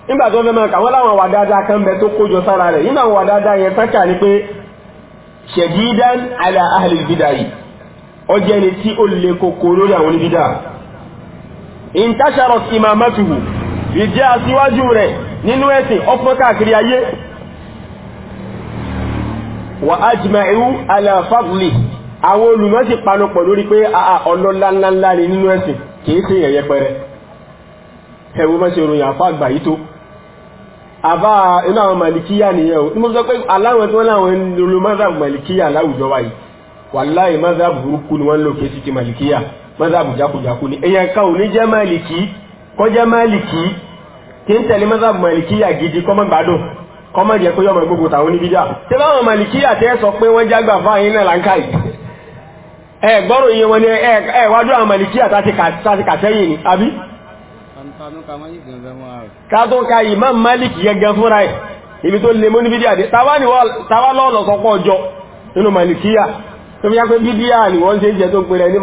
nígbà tó fẹ́ mẹ́rin kàwọn láwọn wà dáadáa kan bẹ tó kójọ sára rẹ̀ nínú àwọn wà dáadáa yẹn tánkà ní pé ṣẹ̀dídán àlà ahli bídà yìí ó jẹ́ ni tí ó lè kòkó lórí àwọn oníbídà aṣíwájú rẹ̀ nínú ẹ̀sìn káàkiri ayé wa ajma'u ala àwọn olùmọ̀ sì panupọ̀ lórí pé ọlọ́lá ńláńlá ni nínú ẹ̀sìn kìí sí ẹ̀yẹ pẹrẹ ẹ̀wọ́ mẹ́sẹ̀ òròyìn àfá àgbà yìí tó àbá iná àwọn màlìkíyà nìyẹn o ní mo sọ pé aláwọn tí wọ́n láwọn lolo mazhab màlìkíyà láwùjọ wa yìí wàláhì mazhab burúkú ni wọ́n lò kéé sí ti màlìkíyà mazhab jákujàku ni èèyàn ká ò ní jẹ́ màlìkí kọ́ jẹ́ màlìkí kí ń tẹ̀lé mazhab màlìkíyà gidi kọ́ mọ́ tàwọn oníbíjà tí báwọn màlìkíyà tẹ́ sọ pé wọ́n jágbà fáyín náà láńkà yìí ẹgbọ́rò iye wọn ni ẹwàdó àmàlìkí àtàtìkàtẹ́yìn ni àbí kátọ́ka Imam Malik gẹ́gẹ́ fúnra ẹ̀ ibi tó lè mú ní bídíà dé tàwà lọ́ọ̀lọ́ sọpọ̀ ọjọ́ nínú malikiya tó fi yá pé bídíà ni wọ́n ṣe jẹ́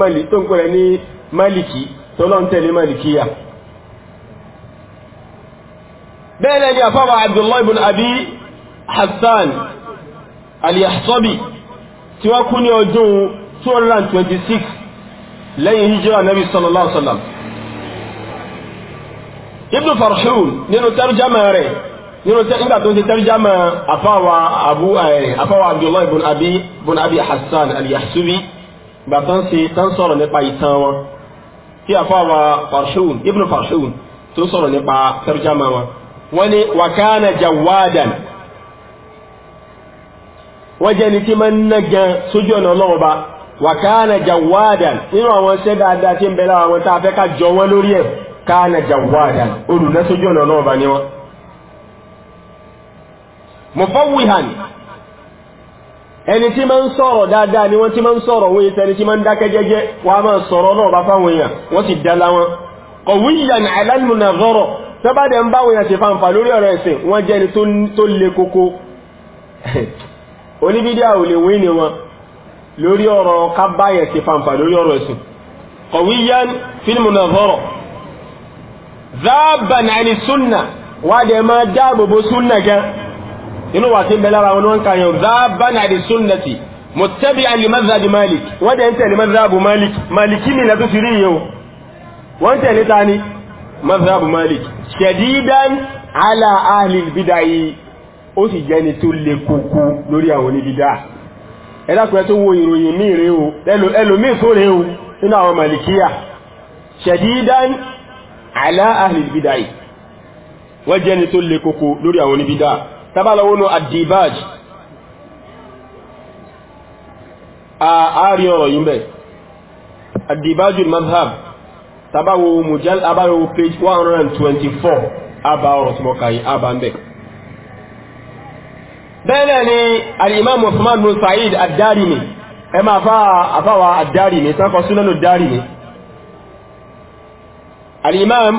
maliki ni Abdullahi Hassan two hundred and twenty six lẹ́yìn hijira nabi sallallahu alaihi wa sallam ibnu farhun nínú tarjama rẹ̀ nínú nígbà tó ń ṣe tarjama afáwa abu afáwa abdullahi ibn abi ibn abi hassan al-yahsubi gbà tán ṣe tán sọ̀rọ̀ nípa ìtàn wọn tí afáwa farhun ibnu farhun tó sọ̀rọ̀ nípa tarjama wọn wọ́n ní wakana jawadan wọ́n jẹ́ ni tí máa ń ná sójú ọ̀nà ọlọ́wọ́ wàkánà jawadan nínú àwọn ṣẹ́ dáadáa tí ń bẹ láwọn àwọn tàà fẹ́ ká jọ wọ́n lórí ẹ̀ kánà jawadan olùlẹ́sójú ọ̀nà náà bá ní wọn mọ̀fọ́wìhàn ẹni tí ma ń sọ̀rọ̀ dáadáa ni wọ́n tí ma ń sọ̀rọ̀ wọ́n ìtẹni tí ma ń dákẹ́ jẹ́jẹ́ wọ́n a máa sọ̀rọ̀ náà bá fáwọn èèyàn wọ́n ti dala wọn kọ̀wíyàn alálùmùnà zọ́rọ̀ tó bá dẹ̀ ń le koko ò lè wí ni wọn lórí ọ̀rọ̀ ká báyẹ̀ sí fàǹfà lórí ọ̀rọ̀ ẹ̀sìn qawiyan fil munazara zaban ani súnnà wà dẹ̀ máa dáàbòbò súnnà gan inú wà tí ń bẹ lára wọn wọn kàyàn zaban ani súnnàti muttabi'an li madhhabi malik wọ́n dẹ̀ ń tẹ̀lé madhhabu malik maliki ni lẹ́tún fi rí iye o wọ́n tẹ̀lé ta ni madhhabu malik shadidan ala ahli bidai ó sì jẹ́ni tó le koko lórí àwọn oníbidá ẹ̀dàkùnrin tó wo ìròyìn mí rẹ̀ o ẹlòmí tó rẹ̀ o nínú àwọn malikiya ṣẹ̀dídán ala ahli bidai wọ́n jẹ́ ni tó lè kókó lórí àwọn oníbídá tábàlọ́wọ́nú adibaj àárín ọ̀rọ̀ yìí bẹ̀ adibaj madhab mujal abáwọ̀ page 124 àbá ọ̀rọ̀ tí mọ́ kàyí àbá bẹ́ẹ̀ ni al-imam Uthman bin Sa'id ad-Darimi ẹ máa fá àfáwà ad-Darimi sánkọ súnánù ad-Darimi al-imam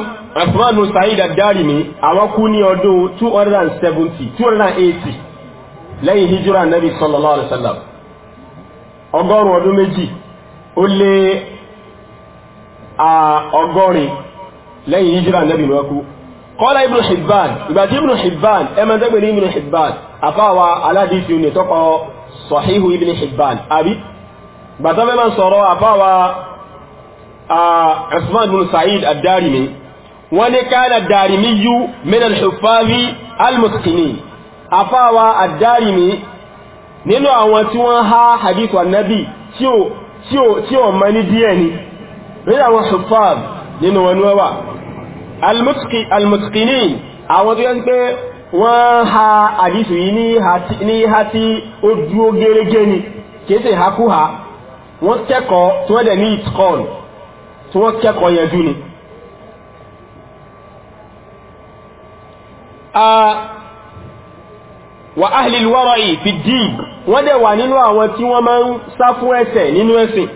bin Sa'id ad-Darimi àwọn kú ní ọdún 270 280 lẹ́yìn hijira nabi sallallahu alaihi wasallam ọgọ́rùn ọdún méjì ó lé ọgọ́rin lẹ́yìn hijira nabi lọ́kú kọ́lá ibn hibban ìgbàtí ibn hibban ẹmẹ́tẹ́gbẹ̀ ní ibn hibban àfáwà aládìsí ní tọ́kọ̀ sọ̀híhù ibn hibban àbí gbàtọ́fẹ́ ma sọ̀rọ̀ àfáwà usman ibn sa'id ad-darimi wọ́n ní kana ad-darimi yú min al-huffazi al-mutqinin àfáwà ad-darimi nínú àwọn tí wọ́n há hadith annabi tí ó mọ́ ní díẹ̀ ni nínú àwọn huffaz nínú wọn wọ́n almutqinin àwọn tó yẹ́ pé wọ́n ha àdísù yìí ní ha tí ó dúró gẹ́rẹ́gẹ́ ni kéèsè ha kú ha wọ́n kẹ́kọ̀ọ́ tí wọ́n dẹ̀ ní ìtkọ́n tí wọ́n kẹ́kọ̀ọ́ yẹjú ni wà áhìlì lọ́rọ̀ yìí fi dì wọ́n dẹ̀ wà nínú àwọn tí wọ́n máa ń sá fún ẹsẹ̀ nínú ẹ̀sìn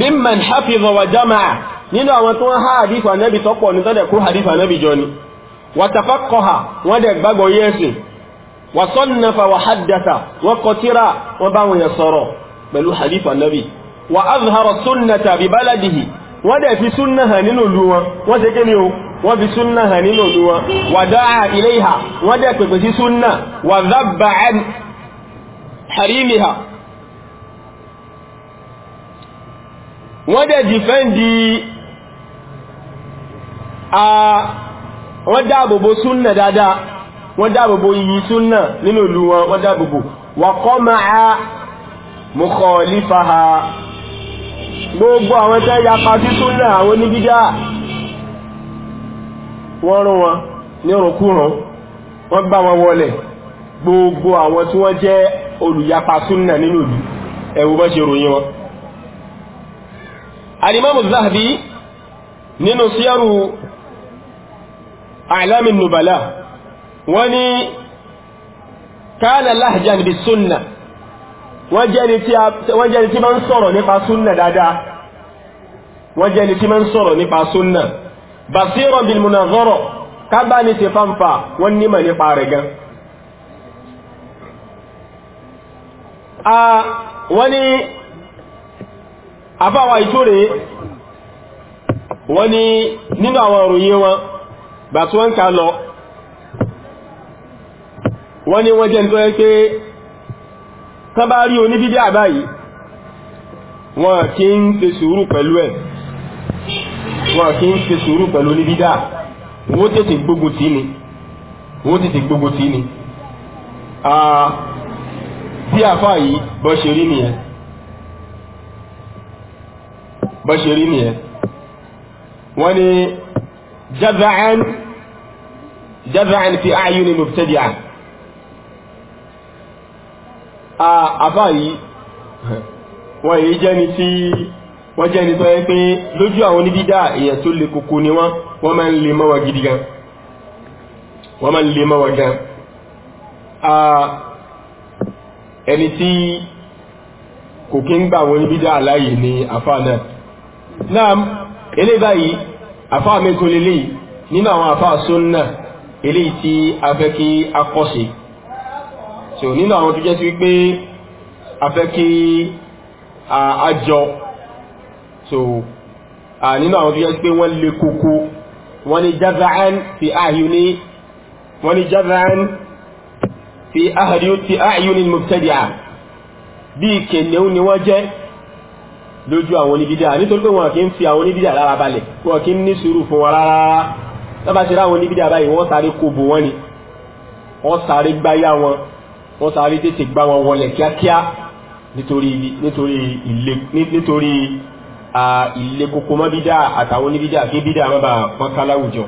mimman hafiz wa jama'a nínú àwọn tó ń há àdífà nẹ́bì tọ́pọ̀ ní tọ́dẹ̀ kó àdífà nẹ́bì jọ ni wàtàfàkọ́hà wọ́n dẹ̀ gbàgbọ́ yẹ́sìn wàsọ́nàfà wàhádàtà wọ́n kọ tíra wọ́n bá wọn yẹ sọ̀rọ̀ pẹ̀lú àdífà nẹ́bì wà azhara sunnata bi baladihi wọ́n dẹ̀ fi súnnà hàn wọ́n dáàbòbò súnnà dáadáa wọ́n dáàbòbò yìí súnnà nínú ìlú wọn wọ́n dáàbòbò kọ́ máa ha gbogbo àwọn tẹ́ yapa sí súnnà àwọn oníbídá wọ́n rún wọn ní ọ̀rọ̀kúrùn wọ́n gbá wọn wọlẹ̀ gbogbo àwọn tí wọ́n jẹ́ olùyapa súnnà nínú ìlú ẹ̀wù bọ́ ṣe ròyìn wọn alimamu zahabi nínú a'lam an-nubala wọ́n ní kana lahjan bis sunnah wọ́n jẹ́ni tí ma ń sọ̀rọ̀ nípa súnnà dáadáa wọ́n jẹ́ni tí ma ń sọ̀rọ̀ nípa súnnà basira bil munazara kábà ní ti fánfà wọ́n nímọ̀ nípa rẹ̀ a wọ́n ni àbáwà ìtúrẹ̀ wọ́n ni nínú àwọn gbà tí wọ́n ń ka lọ wọ́n ní wọ́n jẹ́ ní tó yẹ pé tán bá rí oníbídí àbáyìí wọ́n kí ń ṣe sùúrù pẹ̀lú ẹ̀ wọ́n kí ń ṣe sùúrù pẹ̀lú oníbídá wọ́n tètè gbógun tì ní wọ́n tètè gbógun tì ní bí àfá yìí bọ́ ṣe rí nìyẹn bọ́ ṣe rí nìyẹn wọ́n ní جذعا جذعا في أعين مبتدعة àbáyí wọ́n èyí jẹ́ni tí wọ́n jẹ́ni tó yẹ pé lójú àwọn oníbídá èyàn ni wọ́n wọ́n máa ń lè mọ́wàá gidi gan wọ́n máa ń lè mọ́wàá gan ẹni tí kò kí ń gbà àwọn oníbídá aláyè ni àfáà náà náà eléyìí báyìí àfáà mẹ́tò lélẹ̀ nínú àwọn àfáà sunna eléyìí tí a fẹ́ kí a kọ́ sí so nínú àwọn tó jẹ́ sí wípé a fẹ́ kí a jọ so nínú àwọn tó jẹ́ sí pé wọ́n lè kókó wọ́n ni jaza'an fi ahyuni wọ́n ni jaza'an fi ahyuni mubtadi'a bí ìkẹ̀lẹ̀ ni wọ́n jẹ́ lójú àwọn oníbídà nítorí pé wọn kì í fi àwọn oníbídà lára balẹ̀ wọn kì í ní sùúrù fún wọn rárá lọ́ba ṣe ráwọn oníbídà báyìí wọ́n sáré kobo wọn ni wọ́n sáré gbáyà wọn wọ́n sáré tètè gbá wọn wọlẹ̀ kíákíá nítorí ilé kókó mọ́ bídà àtàwọn oníbídà kí bídà má bàa láwùjọ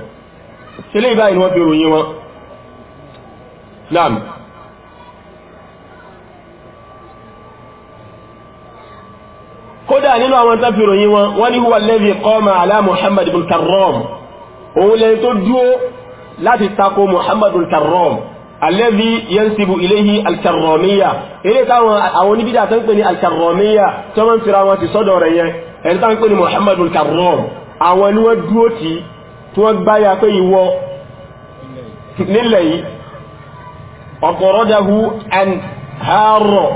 sílé ìbáyìí ni wọ́n fi kódà nínú àwọn tó fi ròyìn wọn wọ́n ní huwa lẹ́bí kọ́mà alá muhammad bin karram òun lẹ́yìn tó dúó láti tako muhammad bin karram alẹ́bí yansibu iléhi alkarromiya ilé táwọn àwọn oníbídà tó ń pè ní alkarromiya tó mọ́ ń fira wọn ti sọ́dọ̀ rẹ̀ yẹn ẹni tó ń pè ní muhammad bin àwọn ni wọ́n dúó tí tí wọ́n gbáyà pé ìwọ nílẹ̀ yìí ọ̀kọ̀rọ̀dáhu and haarọ̀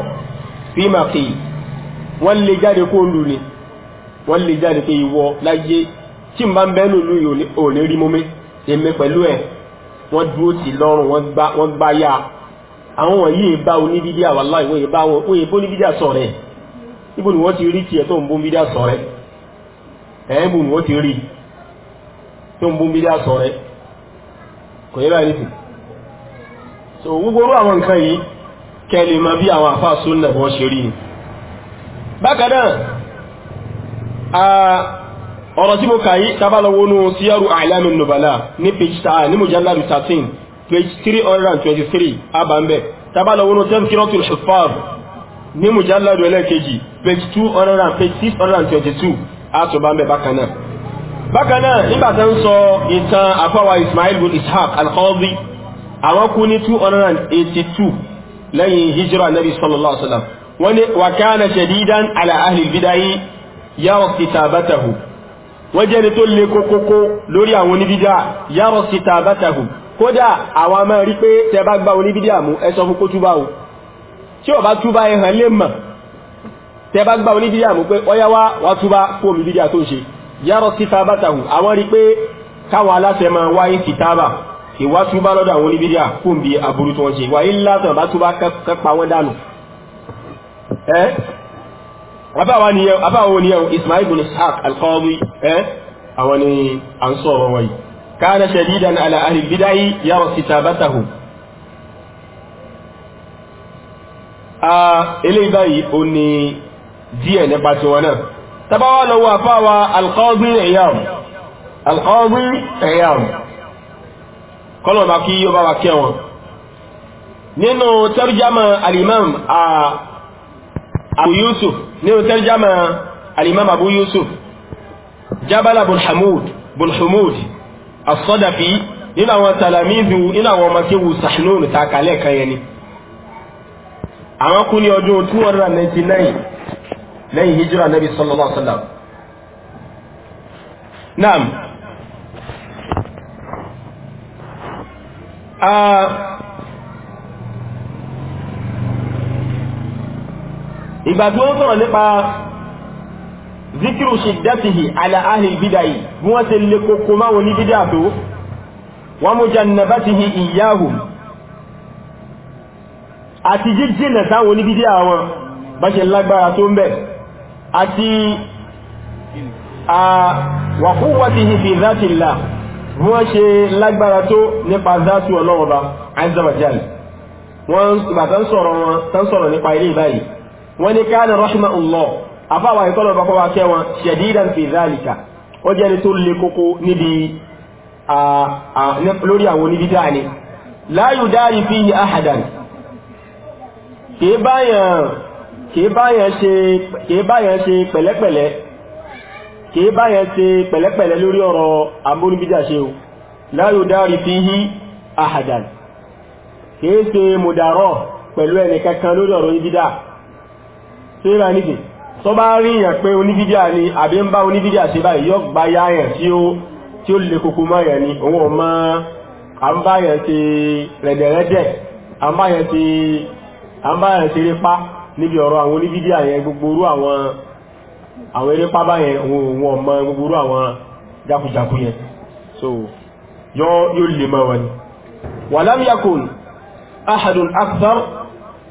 fi maqi wọ́n lè jáde kó lù ní wọ́n lè jáde pé ìwọ láyé tí n bá ń bẹ́ lòlú ò ní rí mómi èmi pẹ̀lú ẹ̀ wọ́n dúró tì lọ́rùn wọ́n gbá yá àwọn wọ̀nyí bá oníbídíà wà láì wọ́n bá wọn ó yẹ bó oníbídíà sọ̀rẹ́ níbo ni wọ́n ti rí tiẹ̀ tó ń bó oníbídíà sọ̀rẹ́ ẹ̀ níbo ni wọ́n ti rí tó ń bó oníbídíà sọ̀rẹ́ kò yẹ báyìí nìkan so gbogbo orú àwọn nǹkan yìí kẹ́lẹ̀ máa bí àwọn àfáà sónà wọ́n ṣe rí ni bákanáà ọ̀rọ̀ tí mo kàyí tábàlọ́wọ́nú síyàrù àìlàmìn nùbàlá ní page 10 ní mùjálàdù 13 page 323 abambẹ̀ tábàlọ́wọ́nú tẹ́mkírọ́tù ṣùfàr ní mùjálàdù ẹlẹ́kejì page 200 page 622 àtùbambẹ̀ bákanáà bákanáà nígbàtà ń sọ ìtàn àfáwà Ismail bin Ishaq al àwọn kú ní 282 lẹ́yìn hijira nabi sallallahu alaihi wasallam wọ́n ní wàkánà ṣẹ̀dídán aláàhìl bídáyí yàrọ̀ kìtàbátàhù wọ́n jẹ́ni tó lè kókókó lórí àwọn oníbídá yàrọ̀ kìtàbátàhù kódà àwọn a máa rí pé tẹ bá gbá oníbídá mú ẹ sọ fún kó túbá o tí ó bá túbá ẹ hàn lè mọ̀ tẹ bá gbá oníbídá mú pé ọyá wá wá túbá kó omi bídá tó ń ṣe yàrọ̀ kìtàbátàhù àwọn rí pé káwọn aláṣẹ máa wáyé kìtàbà ìwá túbá lọ́dọ̀ àwọn oníbídá kó omi aburú tó ń ṣe wà ilá tàn bá túbá kápá wọn dànù ẹ́ àbáwọn oníyàn Ismail bin Ishaq al-Qadi ẹ́ eh? àwọn ni à ń sọ̀rọ̀ wọ́n yìí kana shadidan ala ahli bidai yara kitabatahu eléyìí báyìí ó ní díẹ̀ nípa tí wọn náà tabawa lọ́wọ́ àfáwà al-Qadi abu yusuf nínú tarjama al-imam abu yusuf jabala bulhamud bulhamud as-sadafi nínú àwọn talamizu nínú àwọn makewu sahnun takalẹ̀ kan yẹni àwọn kú ní ọdún 299 lẹ́yìn hijira nabi sallallahu alaihi naam ah, ìgbà tí wọ́n sọ̀rọ̀ nípa zikiru shiddatihi ala ahli bidai bí wọ́n ṣe lè kókó máa wọn ní bídá tó wọ́n mú jannabatihi iyahum àti jíjìnà sáwọn ní bídá wọn bá ṣe lágbára tó ń bẹ̀ àti wa quwwatihi fi dhatillah wọ́n ṣe lágbára tó nípa zátù ọlọ́wọ́ bá azza wa wọ́n ìgbà tán sọ̀rọ̀ nípa ilé ìbáyìí wọ́n ní káàlì rọ́ṣùmọ̀ ọ̀lọ́ afáwà ìtọ́lọ̀ bá kọwàá kẹwọn ṣẹ̀dídàn fi zálìkà ó jẹ́ ni tó lè kókó níbi lórí àwọn oníbí dáa ni láyù dáàrí fi ahadan kìí báyàn ṣe pẹ̀lẹ́pẹ̀lẹ́ kìí báyàn ṣe pẹ̀lẹ́pẹ̀lẹ́ lórí ọ̀rọ̀ amóníbídà ṣe pẹ̀lú ẹnìkankan lórí ọ̀rọ̀ ìbídà tí ó rà nìkì tó bá rí ìyàn pé onífídíà ni àbí ń bá onífídíà ṣe báyìí yọ gba ya yàn tí ó lè kókó mọ́ yàn ni òun ò mọ́ àbáyàn ti rẹ̀dẹ̀rẹ̀dẹ̀ àbáyàn ti àbáyàn níbi ọ̀rọ̀ àwọn onífídíà yẹn gbogbo orú àwọn àwọn eré pábá òun ò gbogbo orú àwọn jákujàku yẹn so yóò lè mọ́ wọn wàlám yakun ahadun akthar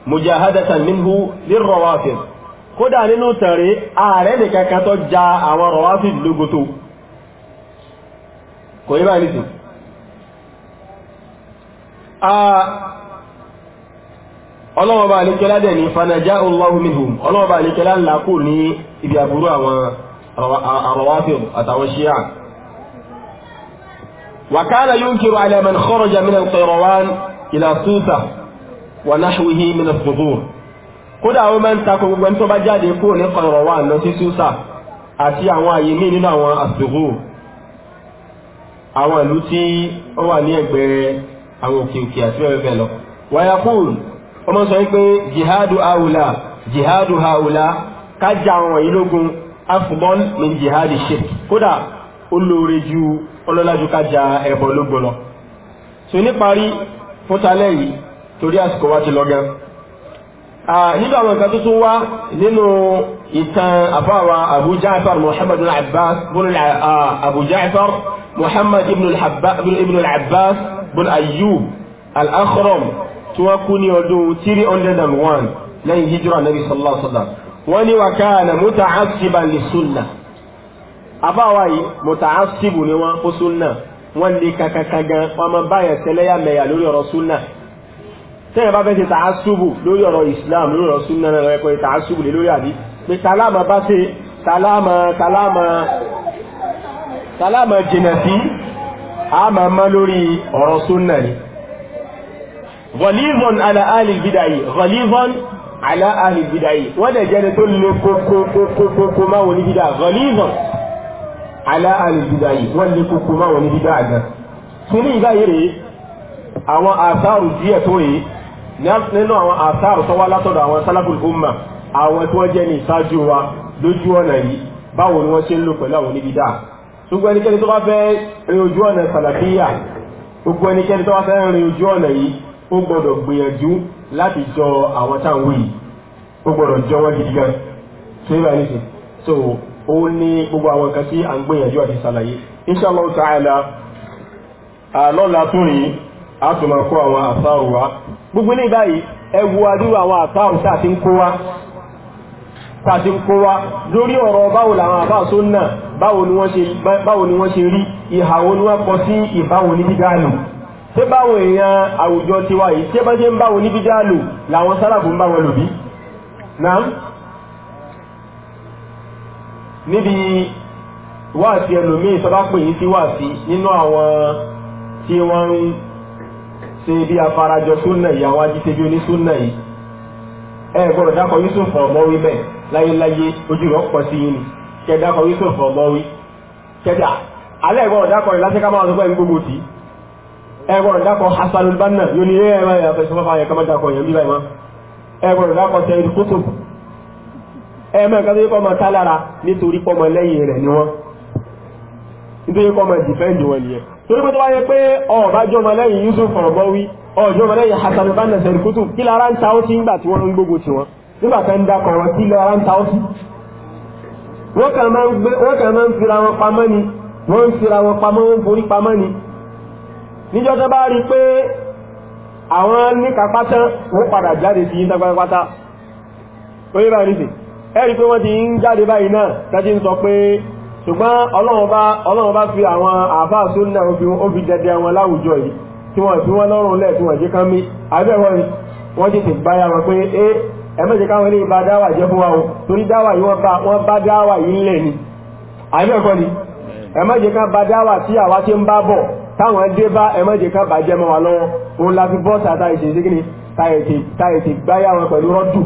mujahadatan minhu lirrawafid kódà nínú tẹ̀rẹ ààrẹ nìkankan tó ja àwọn rọwáfíìd lógótó kò yí báyìí nìtò ọlọ́wọ́ba àlékẹ́lá dẹ̀ ní fanajá Allahu minhum ọlọ́wọ́ba àlékẹ́lá ńlá kò ní ibi àbúrú àwọn rọwáfíìd àtàwọn ṣíyà وكان ينكر على من خرج من القيروان إلى سوسة ونحوه من الصدور kódà ó máa ń takò gbogbo ẹni tó bá jáde kúrò ní kọ̀rọ̀wà lọ sí súsà àti àwọn àyè míì nínú àwọn àsòwò àwọn ìlú tí ó wà ní ẹgbẹ́ àwọn òkè àti ẹgbẹ́ lọ wayakul ọmọ sọ wípé jihadu haula jihadu haula kájà àwọn ìlógún afubọ́n ní jihadi shirk kódà ó lóore ju ọlọ́lájú kájà ẹ̀bọ̀ lógbò lọ so níparí fúntalẹ́ torí àsìkò wá ti lọ gan nínú àwọn nǹkan tuntun wá nínú ìtàn àfáwà Abu Ja'far Muhammad ibn al-Abbas Abu Ja'far Muhammad ibn al-Abbas ibn Ayyub al-Akhram tí wọ́n kú ní ọdún 301 lẹ́yìn hijira nabi sallallahu alaihi wasallam wọ́n ní wa kana muta'assiban li sunnah àbáwá yìí muta'assibu ni wọ́n kó súnà wọ́n lè kàkàkà wọ́n máa báyà tẹ́lẹ́yàmẹ̀yà lórí ọ̀rọ̀ súnà tẹ́yìn bá fẹ́ ṣe tààsùbù lórí ọ̀rọ̀ Islam lórí ọ̀rọ̀ súnà náà ẹ̀kọ́ tààsùbù lè lórí àbí pé tàlámà bá ṣe tàlámà tàlámà tàlámà jìnà sí àmà má lórí ọ̀rọ̀ súnà ni ghalidhan wọ́n ní ìgbà yìí àwọn àṣàrù díẹ̀ tó rèé nínú àwọn àtàrù tó wá látọ̀dọ̀ àwọn sálábùl umma àwọn tí wọ́n jẹ́ ní ìsájú wa lójú ọ̀nà yìí báwo ni wọ́n ṣe ń lò pẹ̀lú àwọn oníbidà gbogbo ẹnikẹ́ni tó bá fẹ́ rin ojú ọ̀nà sàlàfíà gbogbo ẹnikẹ́ni tó bá fẹ́ rin ojú yìí ó gbọ́dọ̀ gbìyànjú láti jọ àwọn táwọn yìí ó gbọ́dọ̀ jọ wọ́n gidi gan tó yẹ báyìí so ó ní gbogbo àwọn kan tí à ń gbìyànjú àti sàlàyé inshallah ta'ala àlọ́lá tún rìn a tún máa kó àwọn àsáàrù wa gbogbo ní báyìí ẹ adúrú àwọn àsáàrù tá ń kó wa tá a ti ń kó wa lórí ọ̀rọ̀ báwo làwọn àbá tó ń nà báwo ni wọ́n ṣe rí ìhàwó ni wọ́n kọ sí ìbáwo ní gíga lò ṣé báwo èèyàn àwùjọ tiwa yìí ṣé bá ṣe ń báwo ní gíga lò làwọn sáràbù ń báwọn lò náà níbi wáàsí ẹlòmíì sọ bá pè yín sí wáàsí nínú àwọn tí wọ́n ń ṣe bí afarajọ súnà yìí àwọn ajíṣebí onísúnà yìí ẹ gbọ́dọ̀ dákọ Yusuf ọmọwí bẹ́ẹ̀ láyéláyé ojú rẹ̀ pọ̀ sí yín ni kẹ dákọ Yusuf ọmọwí kẹta alẹ́ gbọ́dọ̀ dákọ ìlàsẹ ká máa sọpọ ẹni gbogbo tì ẹ gbọ́dọ̀ dákọ Hasan al-Banna yóò ní ẹ máa yàtọ̀ sọpọ fún ayẹkọ máa dákọ yẹn bí báyìí mọ ẹ gbọ́dọ̀ dákọ Sayyid Qutb ẹ máa kàtó yípa ọmọ tálára nítorí pọmọ lẹ́yìn rẹ̀ ni wọn nítorí pọmọ dìfẹ́ǹdì torí pé tó bá yẹ pé ọ̀bájọ́ mọ̀lẹ́yìn Yusuf ọ̀rọ̀bọ́wí ọjọ́ mọ̀lẹ́yìn Hassan ibana zerikutu kí lára ń ta ó sí ńgbà tí wọ́n ń gbógun tì wọ́n nígbà kan ń dakọ̀ wọn kí lára ń ta ó sí wọ́n kàn máa ń fira wọn pamọ́ ni wọ́n ń fira wọn pamọ́ wọn forí pamọ́ ni níjọ́ tó bá rí pé àwọn níkapá tán wọ́n padà jáde sí ìdágbàgbàta ó yẹ báyìí ẹ̀rí pé wọ́n ti ń jáde báyìí náà tẹ́tí ń sọ pé ṣùgbọ́n ọlọ́run bá fi àwọn àfáà tó náà ó fi dẹdẹ wọn láwùjọ yìí tí wọ́n fi wọ́n lọ́rùn lẹ̀ tí wọ́n jẹ́ kán mí abẹ́wọ́n wọ́n jẹ́ ti báyà wọn pé é ẹ̀mẹ́jẹ̀ káwọn ilé ìbá dáwà jẹ́ fún wa o torí dáwà yìí wọ́n bá dáwà yìí ńlẹ̀ ni àbẹ́ẹ̀kọ́ ni ẹ̀mẹ́jẹ̀ ká bá dáwà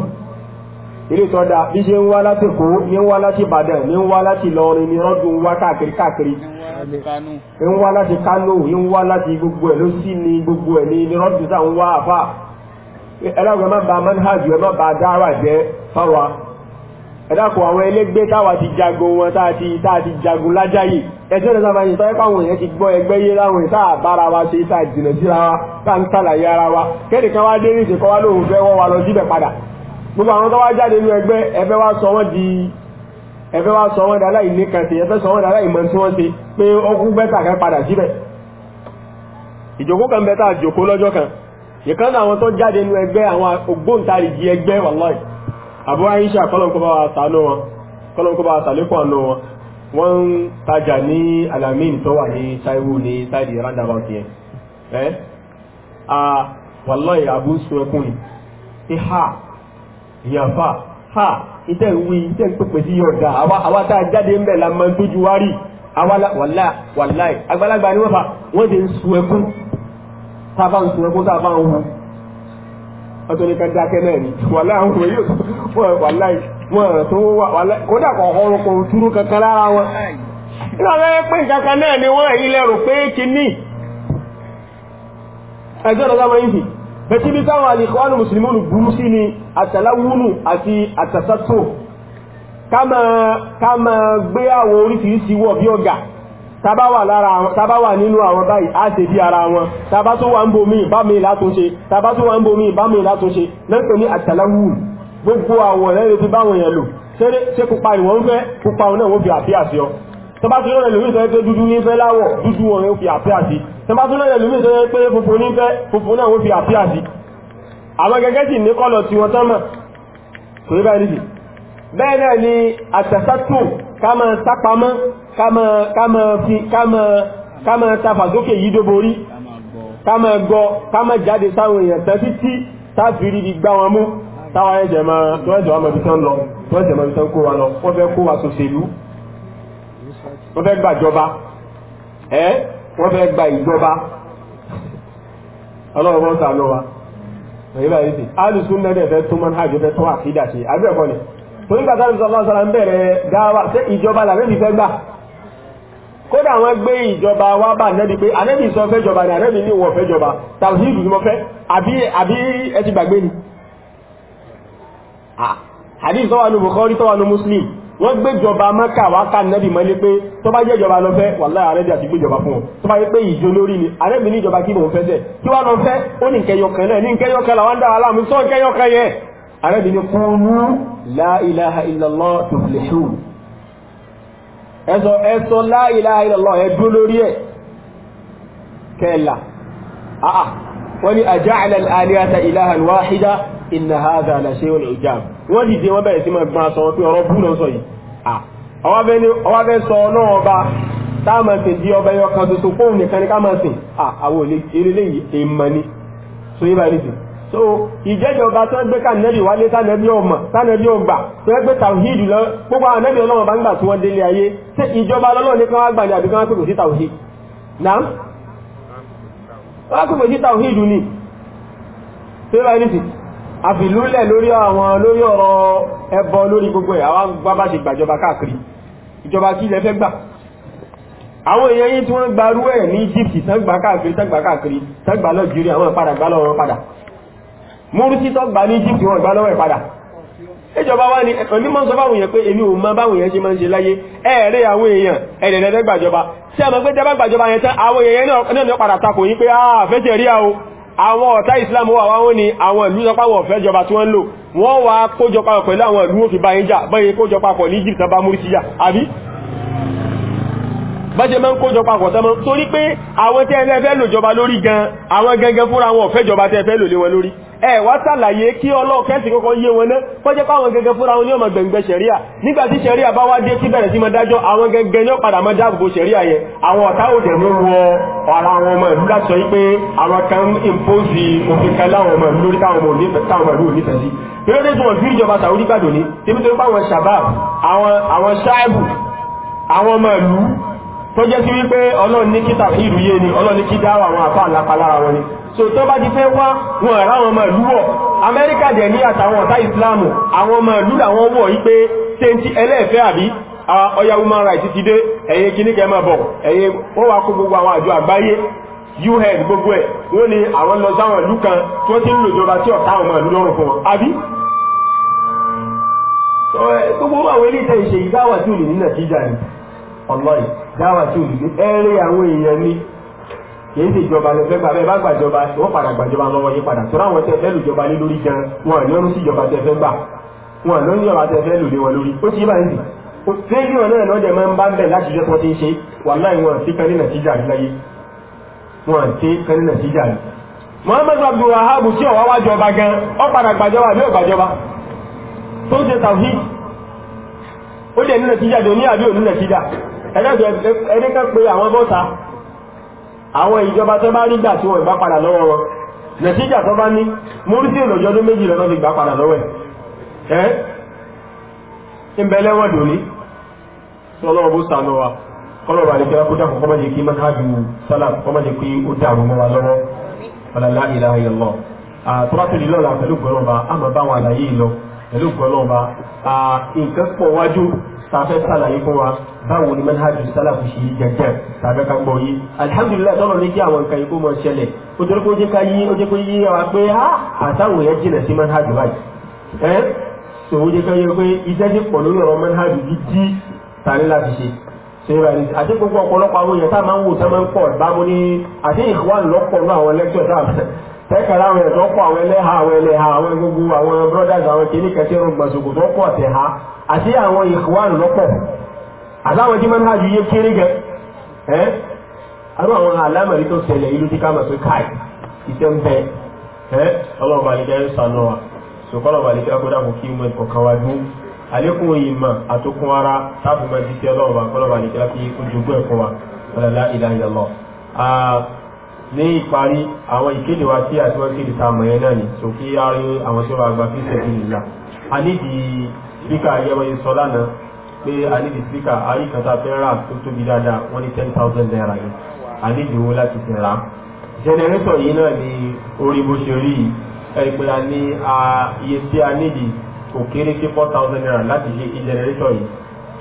ilé tó dáa bí ṣe ń wá láti kó ní ń wá láti ìbàdàn ní ń wá láti ìlọrin ní rọ́dùn ń wá káàkiri káàkiri ń wá láti kánò ń wá láti gbogbo ẹ̀ ló sì ní gbogbo ẹ̀ ní ní rọ́dùn sáà ń wá àfà ẹlẹ́gbẹ̀ẹ́ má ba manhajù ẹ má ba dára jẹ́ fáwa ẹ̀dàkùn àwọn ẹlẹ́gbẹ́ táwa ti jagun wọn táà ti táà ti jagun lájáyè ẹjọ́ ìrẹsà máa yìí tọ́yẹ́ pàwọn èèyàn ti gbọ́ ẹgbẹ́ yé láwọn ìta àbára wa ṣe ìta ìjìnà síra wa táà ń sàlàyé ara wa kẹ́nìkan wá dé ní ìṣèkọ́ wá fẹ́ wọ́n wa lọ síbẹ̀ padà gbogbo àwọn tó wá jáde ní ẹgbẹ́ ẹfẹ́ wá sọ wọ́n di ẹfẹ́ wá sọ wọ́n dáláì ní kan sí sọ wọ́n dáláì mọ́ tí wọ́n ṣe pé ó bẹ́tà kan padà síbẹ̀ kan bẹ́tà jòkó lọ́jọ́ kan ìkan náà àwọn tó jáde ní ẹgbẹ́ àwọn ògbóǹtarìgì ẹgbẹ́ wàláì àbúrò àyíṣà kọ́lọ̀kọ́ wa wọn kọ́lọ̀kọ́ bá ìyàn ha ìtẹ́ ìwé ìtẹ́ ìpèpè sí ọ̀dà àwa tá a jáde ń bẹ̀ la máa ń tójú wá rí àwa wàlá wàlá àgbàlagbà ni wọ́n fà wọ́n ti ń sun ẹkún tá a bá ń sun ẹkún tá a bá ń hu ọtọ́ ní ká dákẹ́ náà ni wàlá àwọn ọmọ yóò wọ́n wàlá wọn tó wàlá kódà kò ọrùn kò dúró kankan lára wọn. nínú àwọn ẹgbẹ́ pé kankan náà ni wọ́n ilẹ̀ rò pé kinní ẹjọ́ ìdọ́gbàmọ́ yìí bẹ̀tí bí táwọn alìkọ́wàlù musulmanu burú sí ni àtàláwúnù àti àtàsátò ká ma gbé àwọn oríṣiríṣi wọ̀ bí ọ̀gá tàbá wà nínú àwọn báyìí á ṣe bí ara wọn tàbá tó wà ń bò mí bá mi látúnṣe tàbá tó wà ń bò mí bá mi látúnṣe lẹ́pẹ̀ ní àtàláwúnù gbogbo àwọn ẹ̀rẹ́ ti báwọn èèyàn tó bá tún lọ́rẹ̀ lómi sọ pé dúdú ní fẹ́ láwọ̀ dúdú wọn ni ó fi àfíà sí tó bá tún lọ́rẹ̀ lómi sọ pé funfun ní fẹ́ funfun náà ó fi àfíà sí àwọn gẹ́gẹ́ sì ní kọ́lọ̀ tí wọ́n tán mọ̀ kò rí báyìí nìyí bẹ́ẹ̀ náà ni àtẹ̀sátù kámọ̀ sápamọ́ kámọ̀ tafàsókè yìí dóborí kámọ̀ gọ kámọ̀ jáde sáwọn èèyàn tán títí táfìrí di gbá wọn mú táwọn ẹ̀jẹ̀ máa tọ́ẹ̀jẹ̀ wọn mọ̀ bí tán lọ tọ́ẹ̀jẹ̀ mọ̀ bí tán kó wa lọ wọ́n fẹ́ kó wa sòṣèlú wọ́n fẹ́ gbàjọba ẹ́ wọ́n fẹ́ gba ìjọba ọlọ́run wọn sàánú wa èyí báyìí sì alùsùn náà dẹ̀ fẹ́ tún mọ́ hajj fẹ́ tún àkídà sí àbí ẹ̀kọ́ ni torí bàtà ní sọlá sọlá ń bẹ̀rẹ̀ gáwa ṣé ìjọba làbẹ́bí fẹ́ gbà kódà àwọn gbé ìjọba wá bá nẹ́bi pé anẹ́bi sọ fẹ́ jọba ni anẹ́bi ní wọ́n fẹ́ jọba tàbí ìdùnnú mọ́ fẹ́ àbí àbí ẹ ti gbàgbé ni ah, hadith tó wà ní Bukhari tó wà Muslim wọ́n gbéjọba mẹ́kà wá ká nẹ́bì mọ́ ilé pé tó bá jẹ́jọba lọ fẹ́ wàláhì àrẹ́bì àti gbéjọba fún ọ tó bá yẹ pé ìjọ lórí ni àrẹ́bì ní ìjọba kí lòun fẹ́ tẹ̀ kí wá lọ fẹ́ ó ní nkẹyọkan náà ní nkẹyọkan làwọn dára láàmú sọ nkẹyọkan yẹn àrẹ́bì ní kúnú la ilaha illallah tuflihun ẹsọ ẹsọ la ilaha ẹ dúró lórí ẹ kẹlà wọ́n ni aja'ala al-alihata ilahan wahida inna hadha àlàṣẹ́ ìjàm wọ́n dìde wọ́n bẹ̀rẹ̀ sí máa gbọ́n aṣọ pé ọ̀rọ̀ bú lọ́sọ yìí ọwọ́ fẹ́ sọ náà ọba táàmà sí di ọba ẹyọ kan tuntun fóun nìkan ní káàmà sí àwọn olè erélé èèmà ni so yíba ní sí so ìjẹ́jọba tó gbé kànẹ́bì wálé tánẹ́bì ọmọ tánẹ́bì ọgbà tó ẹgbẹ́ tàwíìd lọ gbogbo ànẹ́bì ọlọ́run bá ń gbà tí wọ́n délé ayé tí ìjọba lọ́lọ́run kan wá gbà ní àbíkan wá pèpè sí àfìlúlẹ̀ lórí àwọn lórí ọ̀rọ̀ ẹbọ lórí gbogbo ẹ̀ àwọn gbábá ti gbàjọba káàkiri ìjọba kí ilẹ̀ fẹ́ gbà àwọn èèyàn yìí tí wọ́n gbarú ẹ̀ ní Egypt tẹ́gbà káàkiri tẹ́gbà káàkiri tẹ́gbà lọ́júrí àwọn ìpadà gbá lọ́wọ́ wọn padà múrúsí tó gbà ní Egypt wọn gbá lọ́wọ́ ìpadà ìjọba wá ní ẹ̀kọ̀ní mọ́ sọ báwọn èèyàn pé èmi ò mọ báwọn èèyàn ṣe máa ń ṣe láyé ẹ̀ẹ̀rẹ́ àwọn èèyàn ẹ̀rẹ̀lẹ́dẹ́gbàjọba tí a mọ̀ pé dẹ́gbàjọba yẹn tán àwọn èèyàn náà padà takò yí pé àà ah, fẹ́ àwọn àwọn ọ̀tá islam wà wá wọ́n ni àwọn ìlú sọpáwọn ọ̀fẹ́ jọba tí wọ́n lò wọ́n wá kójọpapọ̀ pẹ̀lú àwọn ìlú wọ́n fi bá yín jà báyìí kójọpapọ̀ ní egypt bá múrí síjà àbí bájẹ mẹ́ ń kójọpapọ̀ tẹ́mọ́ torí pé àwọn tẹ́ẹ̀lẹ́fẹ́ lò jọba lórí gan àwọn gangan fúnra wọn ọ̀fẹ́ jọba tẹ́ẹ̀fẹ́ lò lé wọn lórí ẹ wá sàlàyé kí ọlọ́ọ̀kẹ́sì kọ́kọ́ yé wọn ná kọjẹ́ pàwọn gẹ́gẹ́ fúnra wọn ní ọmọ gbẹ̀ngbẹ̀ ṣẹ̀ríà nígbàtí ṣẹ̀ríà bá wá dé sí bẹ̀rẹ̀ sí mọ dájọ́ àwọn gẹ́gẹ́ ní ọ̀padà mọ́ dáàbò ṣẹ̀ríà yẹn àwọn ọ̀tá òdè ló wọ ara àwọn ọmọ ìlú láti sọ pé àwọn kan ń impose òfin kan láwọn ọmọ ìlú lórí táwọn ọmọ ìlú nífẹ̀ẹ́ sí ìrẹ́lẹ́ tí wọ́n fi ìjọba sàúrí gbàdò ní tèmi tó pàwọn shabab wípé ọlọ́run kí tàfíìrù yé ni ọlọ́run kí dáwà àwọn àfáà lápalára wọn ni so tó bá ti fẹ́ wá wọn ará wọn máa lúwọ̀ amẹ́ríkà dẹ̀ ní àtàwọn ọ̀tá ìsìláàmù àwọn máa lú àwọn wọ̀ yí pé tẹ́ntí ẹlẹ́ẹ̀fẹ́ àbí ọya human rights ti dé ẹ̀yẹ kìníkẹ́ máa bọ̀ ẹ̀yẹ wọ́n wá kó gbogbo àwọn àjọ àgbáyé un gbogbo ẹ̀ wọ́n ní àwọn lọ sáwọn ìlú kan tí wọ́n ti ń lò jọba tí ọ̀tá àwọn ìlú lọ́rùn fún wọn àbí gbogbo àwọn ilé ìtẹ́ ìṣe ìdáwà ẹ̀rẹ́ àwọn èèyàn ni kìí sì jọba ló fẹ́ gbàbẹ́ bá gbàjọba wọ́n padà gbàjọba lọ́wọ́ yín padà tó ráwọn tẹ́ fẹ́ lù jọba lé lórí gan wọn àní ọdún sí ìjọba tẹ́ fẹ́ gbà wọn àní ọdún ìjọba tẹ́ fẹ́ lù lé wọn lórí ó ti yí báyìí rédíò náà lọ́dẹ̀ máa ń bá bẹ̀ láti jẹ́ tó ti ń ṣe wàláì wọn àti kan ní nàìjíríà rí láyé wọn àti kan ní nàìjíríà rí. Muhammad Abdul Wahab tí ọ̀wá wá jọba gan ó padà gbàjọba ń ṣe tàwíì ó dẹ̀ ní ní nàìjíríà àwọn ìjọba tó bá rí gbà tí wọ́n ìgbà padà lọ́wọ́ wọn nàìjíríà tó bá ní múrísí ìlọ́jọ́ ọdún méjì lọ́nà ti gbà padà lọ́wọ́ ẹ̀ ń bẹ lẹ́wọ̀n dòní tí ọlọ́wọ́ bó sànú wa kọ́lọ̀ wà ní kẹ́lá kó dàpọ̀ kọ́mọ̀ jẹ́ kí máa hájú sálà kọ́mọ̀ jẹ́ pé ó dàrú mọ́ wa lọ́wọ́ ọ̀làlá ìlàhà ìlọ́ àtúrátò lílọ́ la pẹ̀lú gbọ́lọ́ba àmọ́ báwọn àlàyé ìlọ pẹ̀lú gbọ́lọ́ba nǹkan pọ̀ wájú tàfẹ́ sàlàyé fún wa báwo ni manhaj sálàfù ṣe jẹjẹ tàbí ká gbọ́ yìí alihamudulilayi tọ́lọ̀ ní kí àwọn nǹkan yìí kó mọ ṣẹlẹ̀ o torí kó jẹ́ ká yí o jẹ́ kó yí wa pé á àtàwọn yẹn jìnà sí manhaj báyìí ẹ́ tó ó jẹ́ ká yẹ pé iṣẹ́ ti pọ̀ lórí ọ̀rọ̀ manhaj gidi tàbí láti ṣe sèwéèrè àti gbogbo ọ̀pọ̀lọpọ̀ àwọn èèyàn tá a máa ń wò tá a máa ń pọ̀ bámu ní àti ìwà lọ́pọ̀ nínú àwọn lẹ́kítọ̀ tá a tẹ́kàrà àwọn ẹ̀tọ́ pọ̀ àwọn ẹlẹ́ha àwọn ẹlẹ́ha àwọn gbogbo àwọn brothers àwọn kìnnìkan tí ó ń gbàsókò tó pọ̀ tẹ̀ ha àti àwọn ìkùwárù lọ́pọ̀ àtàwọn tí mọ́nà àjù yé kéré gẹ ẹ́ arú àwọn alámọ̀rí tó ṣẹlẹ̀ ìlú tí ká mọ̀ sí káì ìtẹ́ ń bẹ ẹ́ ọlọ́ọ̀bà ní jẹ́ sànú wa sòkọ́lọ̀bà ní jẹ́ kódà kò kí mọ̀ kọ̀kan wá dún àlékún ara táàbù mọ̀ ọlọ́ọ̀bà kọ́lọ̀bà wa ọ̀làlá ìlànà lọ ní ìparí àwọn ìkéde wa tí àti wọ́n ni sòkí àárín àwọn tí wọ́n bá gba fífẹ́ ìlú spika yẹwọ yìí sọ lánàá pé a níbi spika àríkàtà fẹ́ rà tó tóbi dáadáa wọ́n ní ten thousand naira yìí a níbi owó láti fi rà á jẹnẹrétọ̀ yìí náà ni orí bó ṣe rí yìí a ní iye tí a níbi kò kéré sí four thousand naira láti ṣe ìjẹnẹrétọ̀ yìí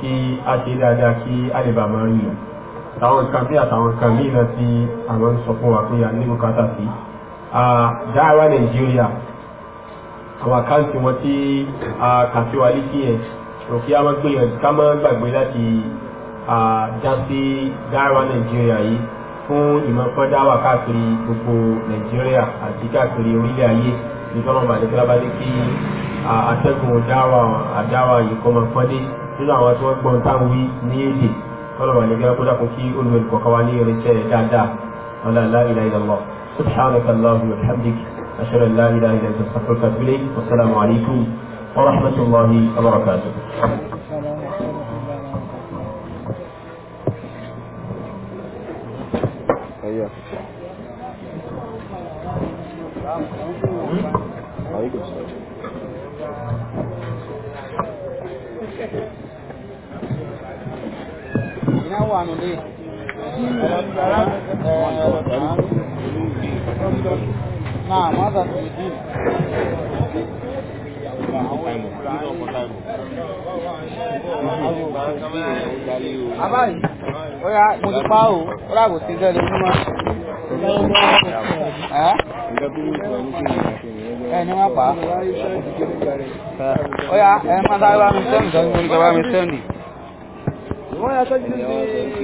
kí a ṣe dáadáa kí a lè bàbá rí i àwọn nǹkan bí àtàwọn nǹkan míì náà tí àwọn ń sọ fún wa pé a ní bùkátà sí dáhàwá Nàìjíríà àwọn àkáǹtì wọn tí a kàn sí wa létí yẹn rò kí a máa gbìyànjú ká máa gbàgbé láti já sí dáhàwá nàìjíríà yìí fún ìmọ̀pọ̀ dáwà káàkiri gbogbo nàìjíríà àti káàkiri orílẹ̀ ayé nítorí wọn bàjẹ́ kílábà dé kí atẹ́gùn dáwà àdáwà yìí kọ́ máa pọ́n dé nínú àwọn tí wọ́n gbọ́n táwọn wí ní èdè kọ́lọ̀ wà ní gẹ́gẹ́ kó dákun kí olùwẹ̀lì kọ̀ọ̀kan wá ní irinṣẹ́ dáadáa wọn lá ilaha illallah subhanaka allahumma wa bihamdik أشهد أن لا إله إلا أنت أستغفرك وأتوب إليك والسلام عليكم ورحمة الله وبركاته حياك عليكم السلام نوع من نعم هذا الدين àbáyìí ó yá mo ti pa ó ó ràgò sí ìjọ lójú mọ́. ẹ ní wọn pa ó yá ẹ má dábàá mi sẹ́ndì. wọ́n yà sọ́jú sí.